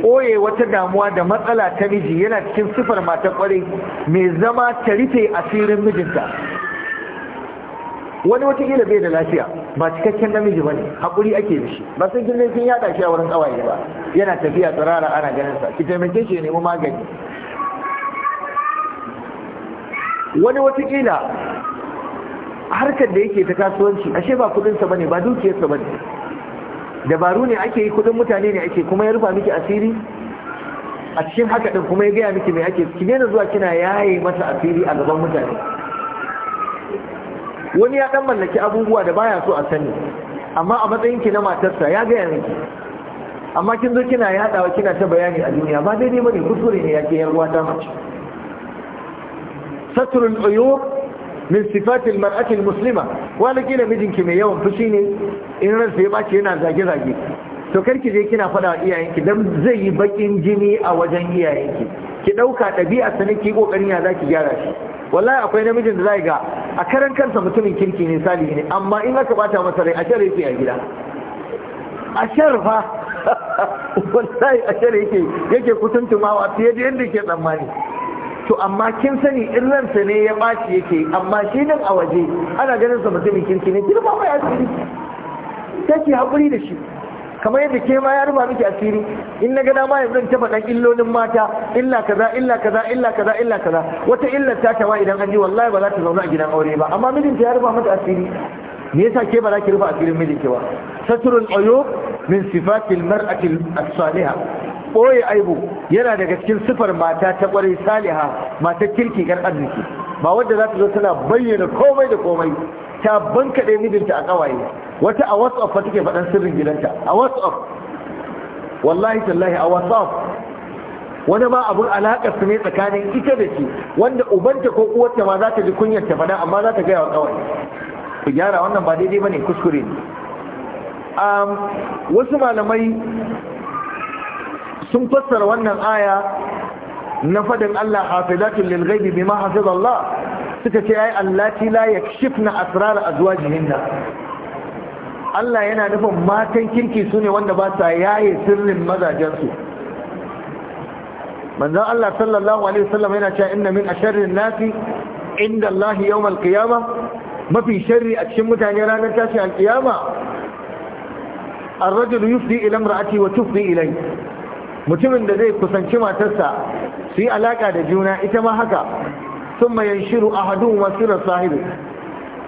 ɓoye wata damuwa da matsala ta miji yana cikin sifar mata kwarai mai zama ta rufe asirin mijinta wani watakila bai da lafiya ba cikakken namiji ba ne haƙuri ake da shi ba sun gina sun yada shi a wurin ƙawaye ba yana tafiya tsirara ana ganin sa ki taimake shi ne nemi magani wani watakila harkar da yake ta kasuwanci ashe ba kudinsa ne, ba dukiyarsa ba ne. dabaru ne ake yi kudin mutane ne ake kuma ya rufa miki asiri a cikin haka ɗin kuma ya gaya miki mai ake ki daina zuwa kina yaye masa asiri a gaban mutane wani ya dan mallaki abubuwa da baya so a sani amma a matsayin ki na matarsa ya gaya miki amma kin zo kina yadawa kina ta bayani a duniya ba daidai bane kusure ne yake 'yan ruwa ta mace satrul uyub min sifatil mar'atil muslima wala kila mijinki mai yawan fushi ne in ransa ya bace yana zage zage to karki je kina fada wa iyayenki dan zai yi bakin jini a wajen iyayenki ki dauka dabi'a sanin ki kokarin ya zaki gyara shi wallahi akwai namijin da zai ga a karan kansa mutumin kirki ne salihi ne amma in aka bata masa rai a shar yake a gida a shar fa wallahi a shar yake yake kutuntumawa fiye da yadda yake tsammani to amma kin sani in ransa ne ya ɓaci yake amma shi nan a waje ana ganin sa mutumin kirki ne kirma mai asiri Ta ke haƙuri da shi kamar yadda ke ma ya rufa miki asiri in na gada ma yanzu ta faɗan illolin mata illa kaza illa kaza illa kaza illa kaza wata illar ta tawa idan an ji wallahi ba za ta zauna a gidan aure ba amma mijinta ya rufa mata asiri me yasa ke ba za ki rufa asirin mijinki ba satrul uyub min sifatil mar'ati as-salihah ɓoye aibu yana daga cikin sifar mata ta ƙwarai saliha mata kirki kar arziki ba wadda za ta zo tana bayyana komai da komai ta banka ɗaya mijinta a ƙawaye wata a whatsapp fa take faɗan sirrin gidanta a whatsapp wallahi tallahi a whatsapp wani ma abun alaƙar su ne tsakanin ita da shi wanda ubanta ko uwarta ma za ta ji kunyar ta faɗa amma za ta gaya wa kawai ku gyara wannan ba daidai ba ne kuskure ne wasu malamai sun fassara wannan aya na fadin Allah hafizatul lil ghaibi bima hafiz Allah suka ce ai allati la yakshifna asrar azwajihinna Allah yana nufin matan kirki su ne wanda ba sa yaye sirrin mazajensu manzon Allah sallallahu alaihi wasallam yana cewa inna min asharrin nasi inda Allah yawm al mafi sharri a cikin mutane ranar tashi al-qiyama الرجل يفضي إلى امرأته وتفضي إليه mutumin da zai kusanci matarsa su yi alaka da juna ita ma haka sun mayan shiru a hadun wasirar sahibi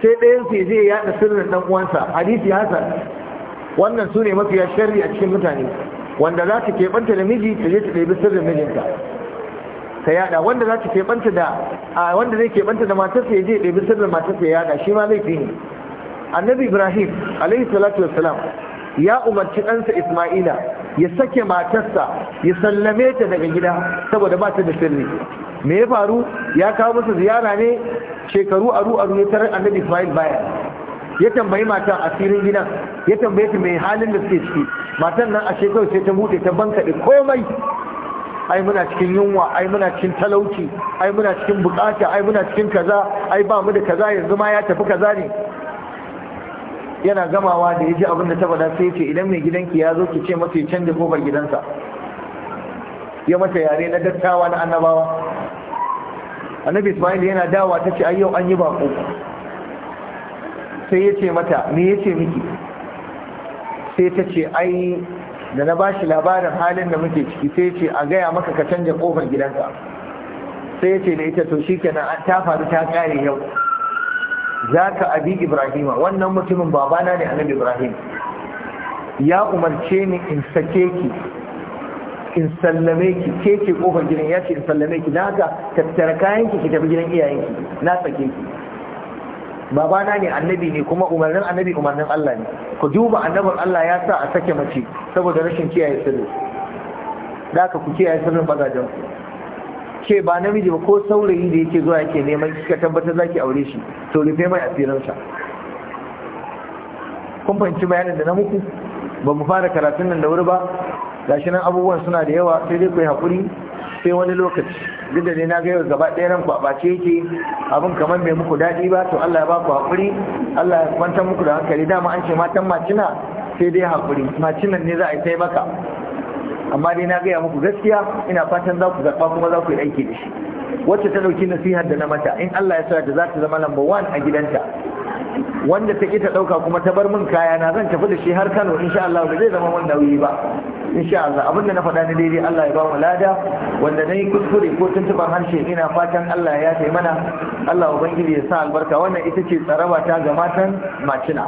sai ɗayan su zai yada sirrin ɗan uwansa hadisi hasan wannan su ne mafiya sharri a cikin mutane wanda za ta keɓanta da miji ta je ta ɗebi sirrin mijinta ta yada wanda za ta keɓanta da a wanda zai keɓanta da matarsa ya je ɗebi sirrin matarsa ya yada shi ma laifi ne annabi ibrahim alaihi salatu wassalam ya umarci ɗansa isma'ila ya sake matarsa ya sallame ta daga gida saboda ba ta da sirri me ya faru ya kawo masa ziyara ne shekaru aru aru ya tarar annabi Ismail baya ya tambayi matan asirin gidan ya tambaye ta mai halin da suke ciki matan nan a shekaru sai ta bude ta banka da komai ai muna cikin yunwa ai muna cikin talauci ai muna cikin bukata ai muna cikin kaza ai ba mu da kaza yanzu ma ya tafi kaza ne yana gamawa da ya ji abin da ta faɗa sai ce idan mai gidanki ya zo ki ce masa ya canza kofar gidansa ya mata yare na dattawa na annabawa annabi ismail yana dawa ta ce ayyau an yi bako sai ya ce mata me ya ce miki sai ta ce ai da na bashi labarin halin da muke ciki sai ce a gaya maka ka canja kofar gidanka sai ya ce da ita to shikenan ta faru ta kare yau zaka abi ibrahima wannan mutumin babana ne annabi ibrahim ya umarce ni in sake ki in sallame ki ke ke kofar gidan ya in sallame ki don haka tattara kayan ki tafi gidan iyayenki ki na sake ki babana ne annabi ne kuma umarnin annabi umarnin Allah ne ku duba annabin Allah ya sa a sake mace saboda rashin kiyaye sirri da ku kiyaye sirrin bazajen ku ce ba namiji ba ko saurayi da yake zuwa yake neman kika tabbatar za ki aure shi to rufe mai asirinsa kun fahimci bayanin da na muku ba mu fara karatun nan da wuri ba gashi nan abubuwan suna da yawa sai dai ku yi haƙuri sai wani lokaci duk da na ga yau gaba ɗaya nan kwaɓace yake abin kamar mai muku daɗi ba to Allah ya ba ku haƙuri Allah ya kwantar muku da hankali dama an ce matan macina sai dai haƙuri macinan ne za a yi sai maka amma dai na gaya muku gaskiya ina fatan za ku zaɓa kuma za ku yi aiki da shi wacce ta ɗauki nasiha da na mata in Allah ya sa ta za ta zama lamba wan a gidanta wanda ta ki ta ɗauka kuma ta bar min kaya na zan tafi da shi har Kano insha Allah ba zai zama mun nauyi ba insha Allah abin da na faɗa ni daidai Allah ya ba mu lada wanda na yi kuskure ko tuntuɓar harshe ina fatan Allah ya yafe mana Allah ubangiji ya sa albarka wannan ita ce tsaraba ta ga matan macina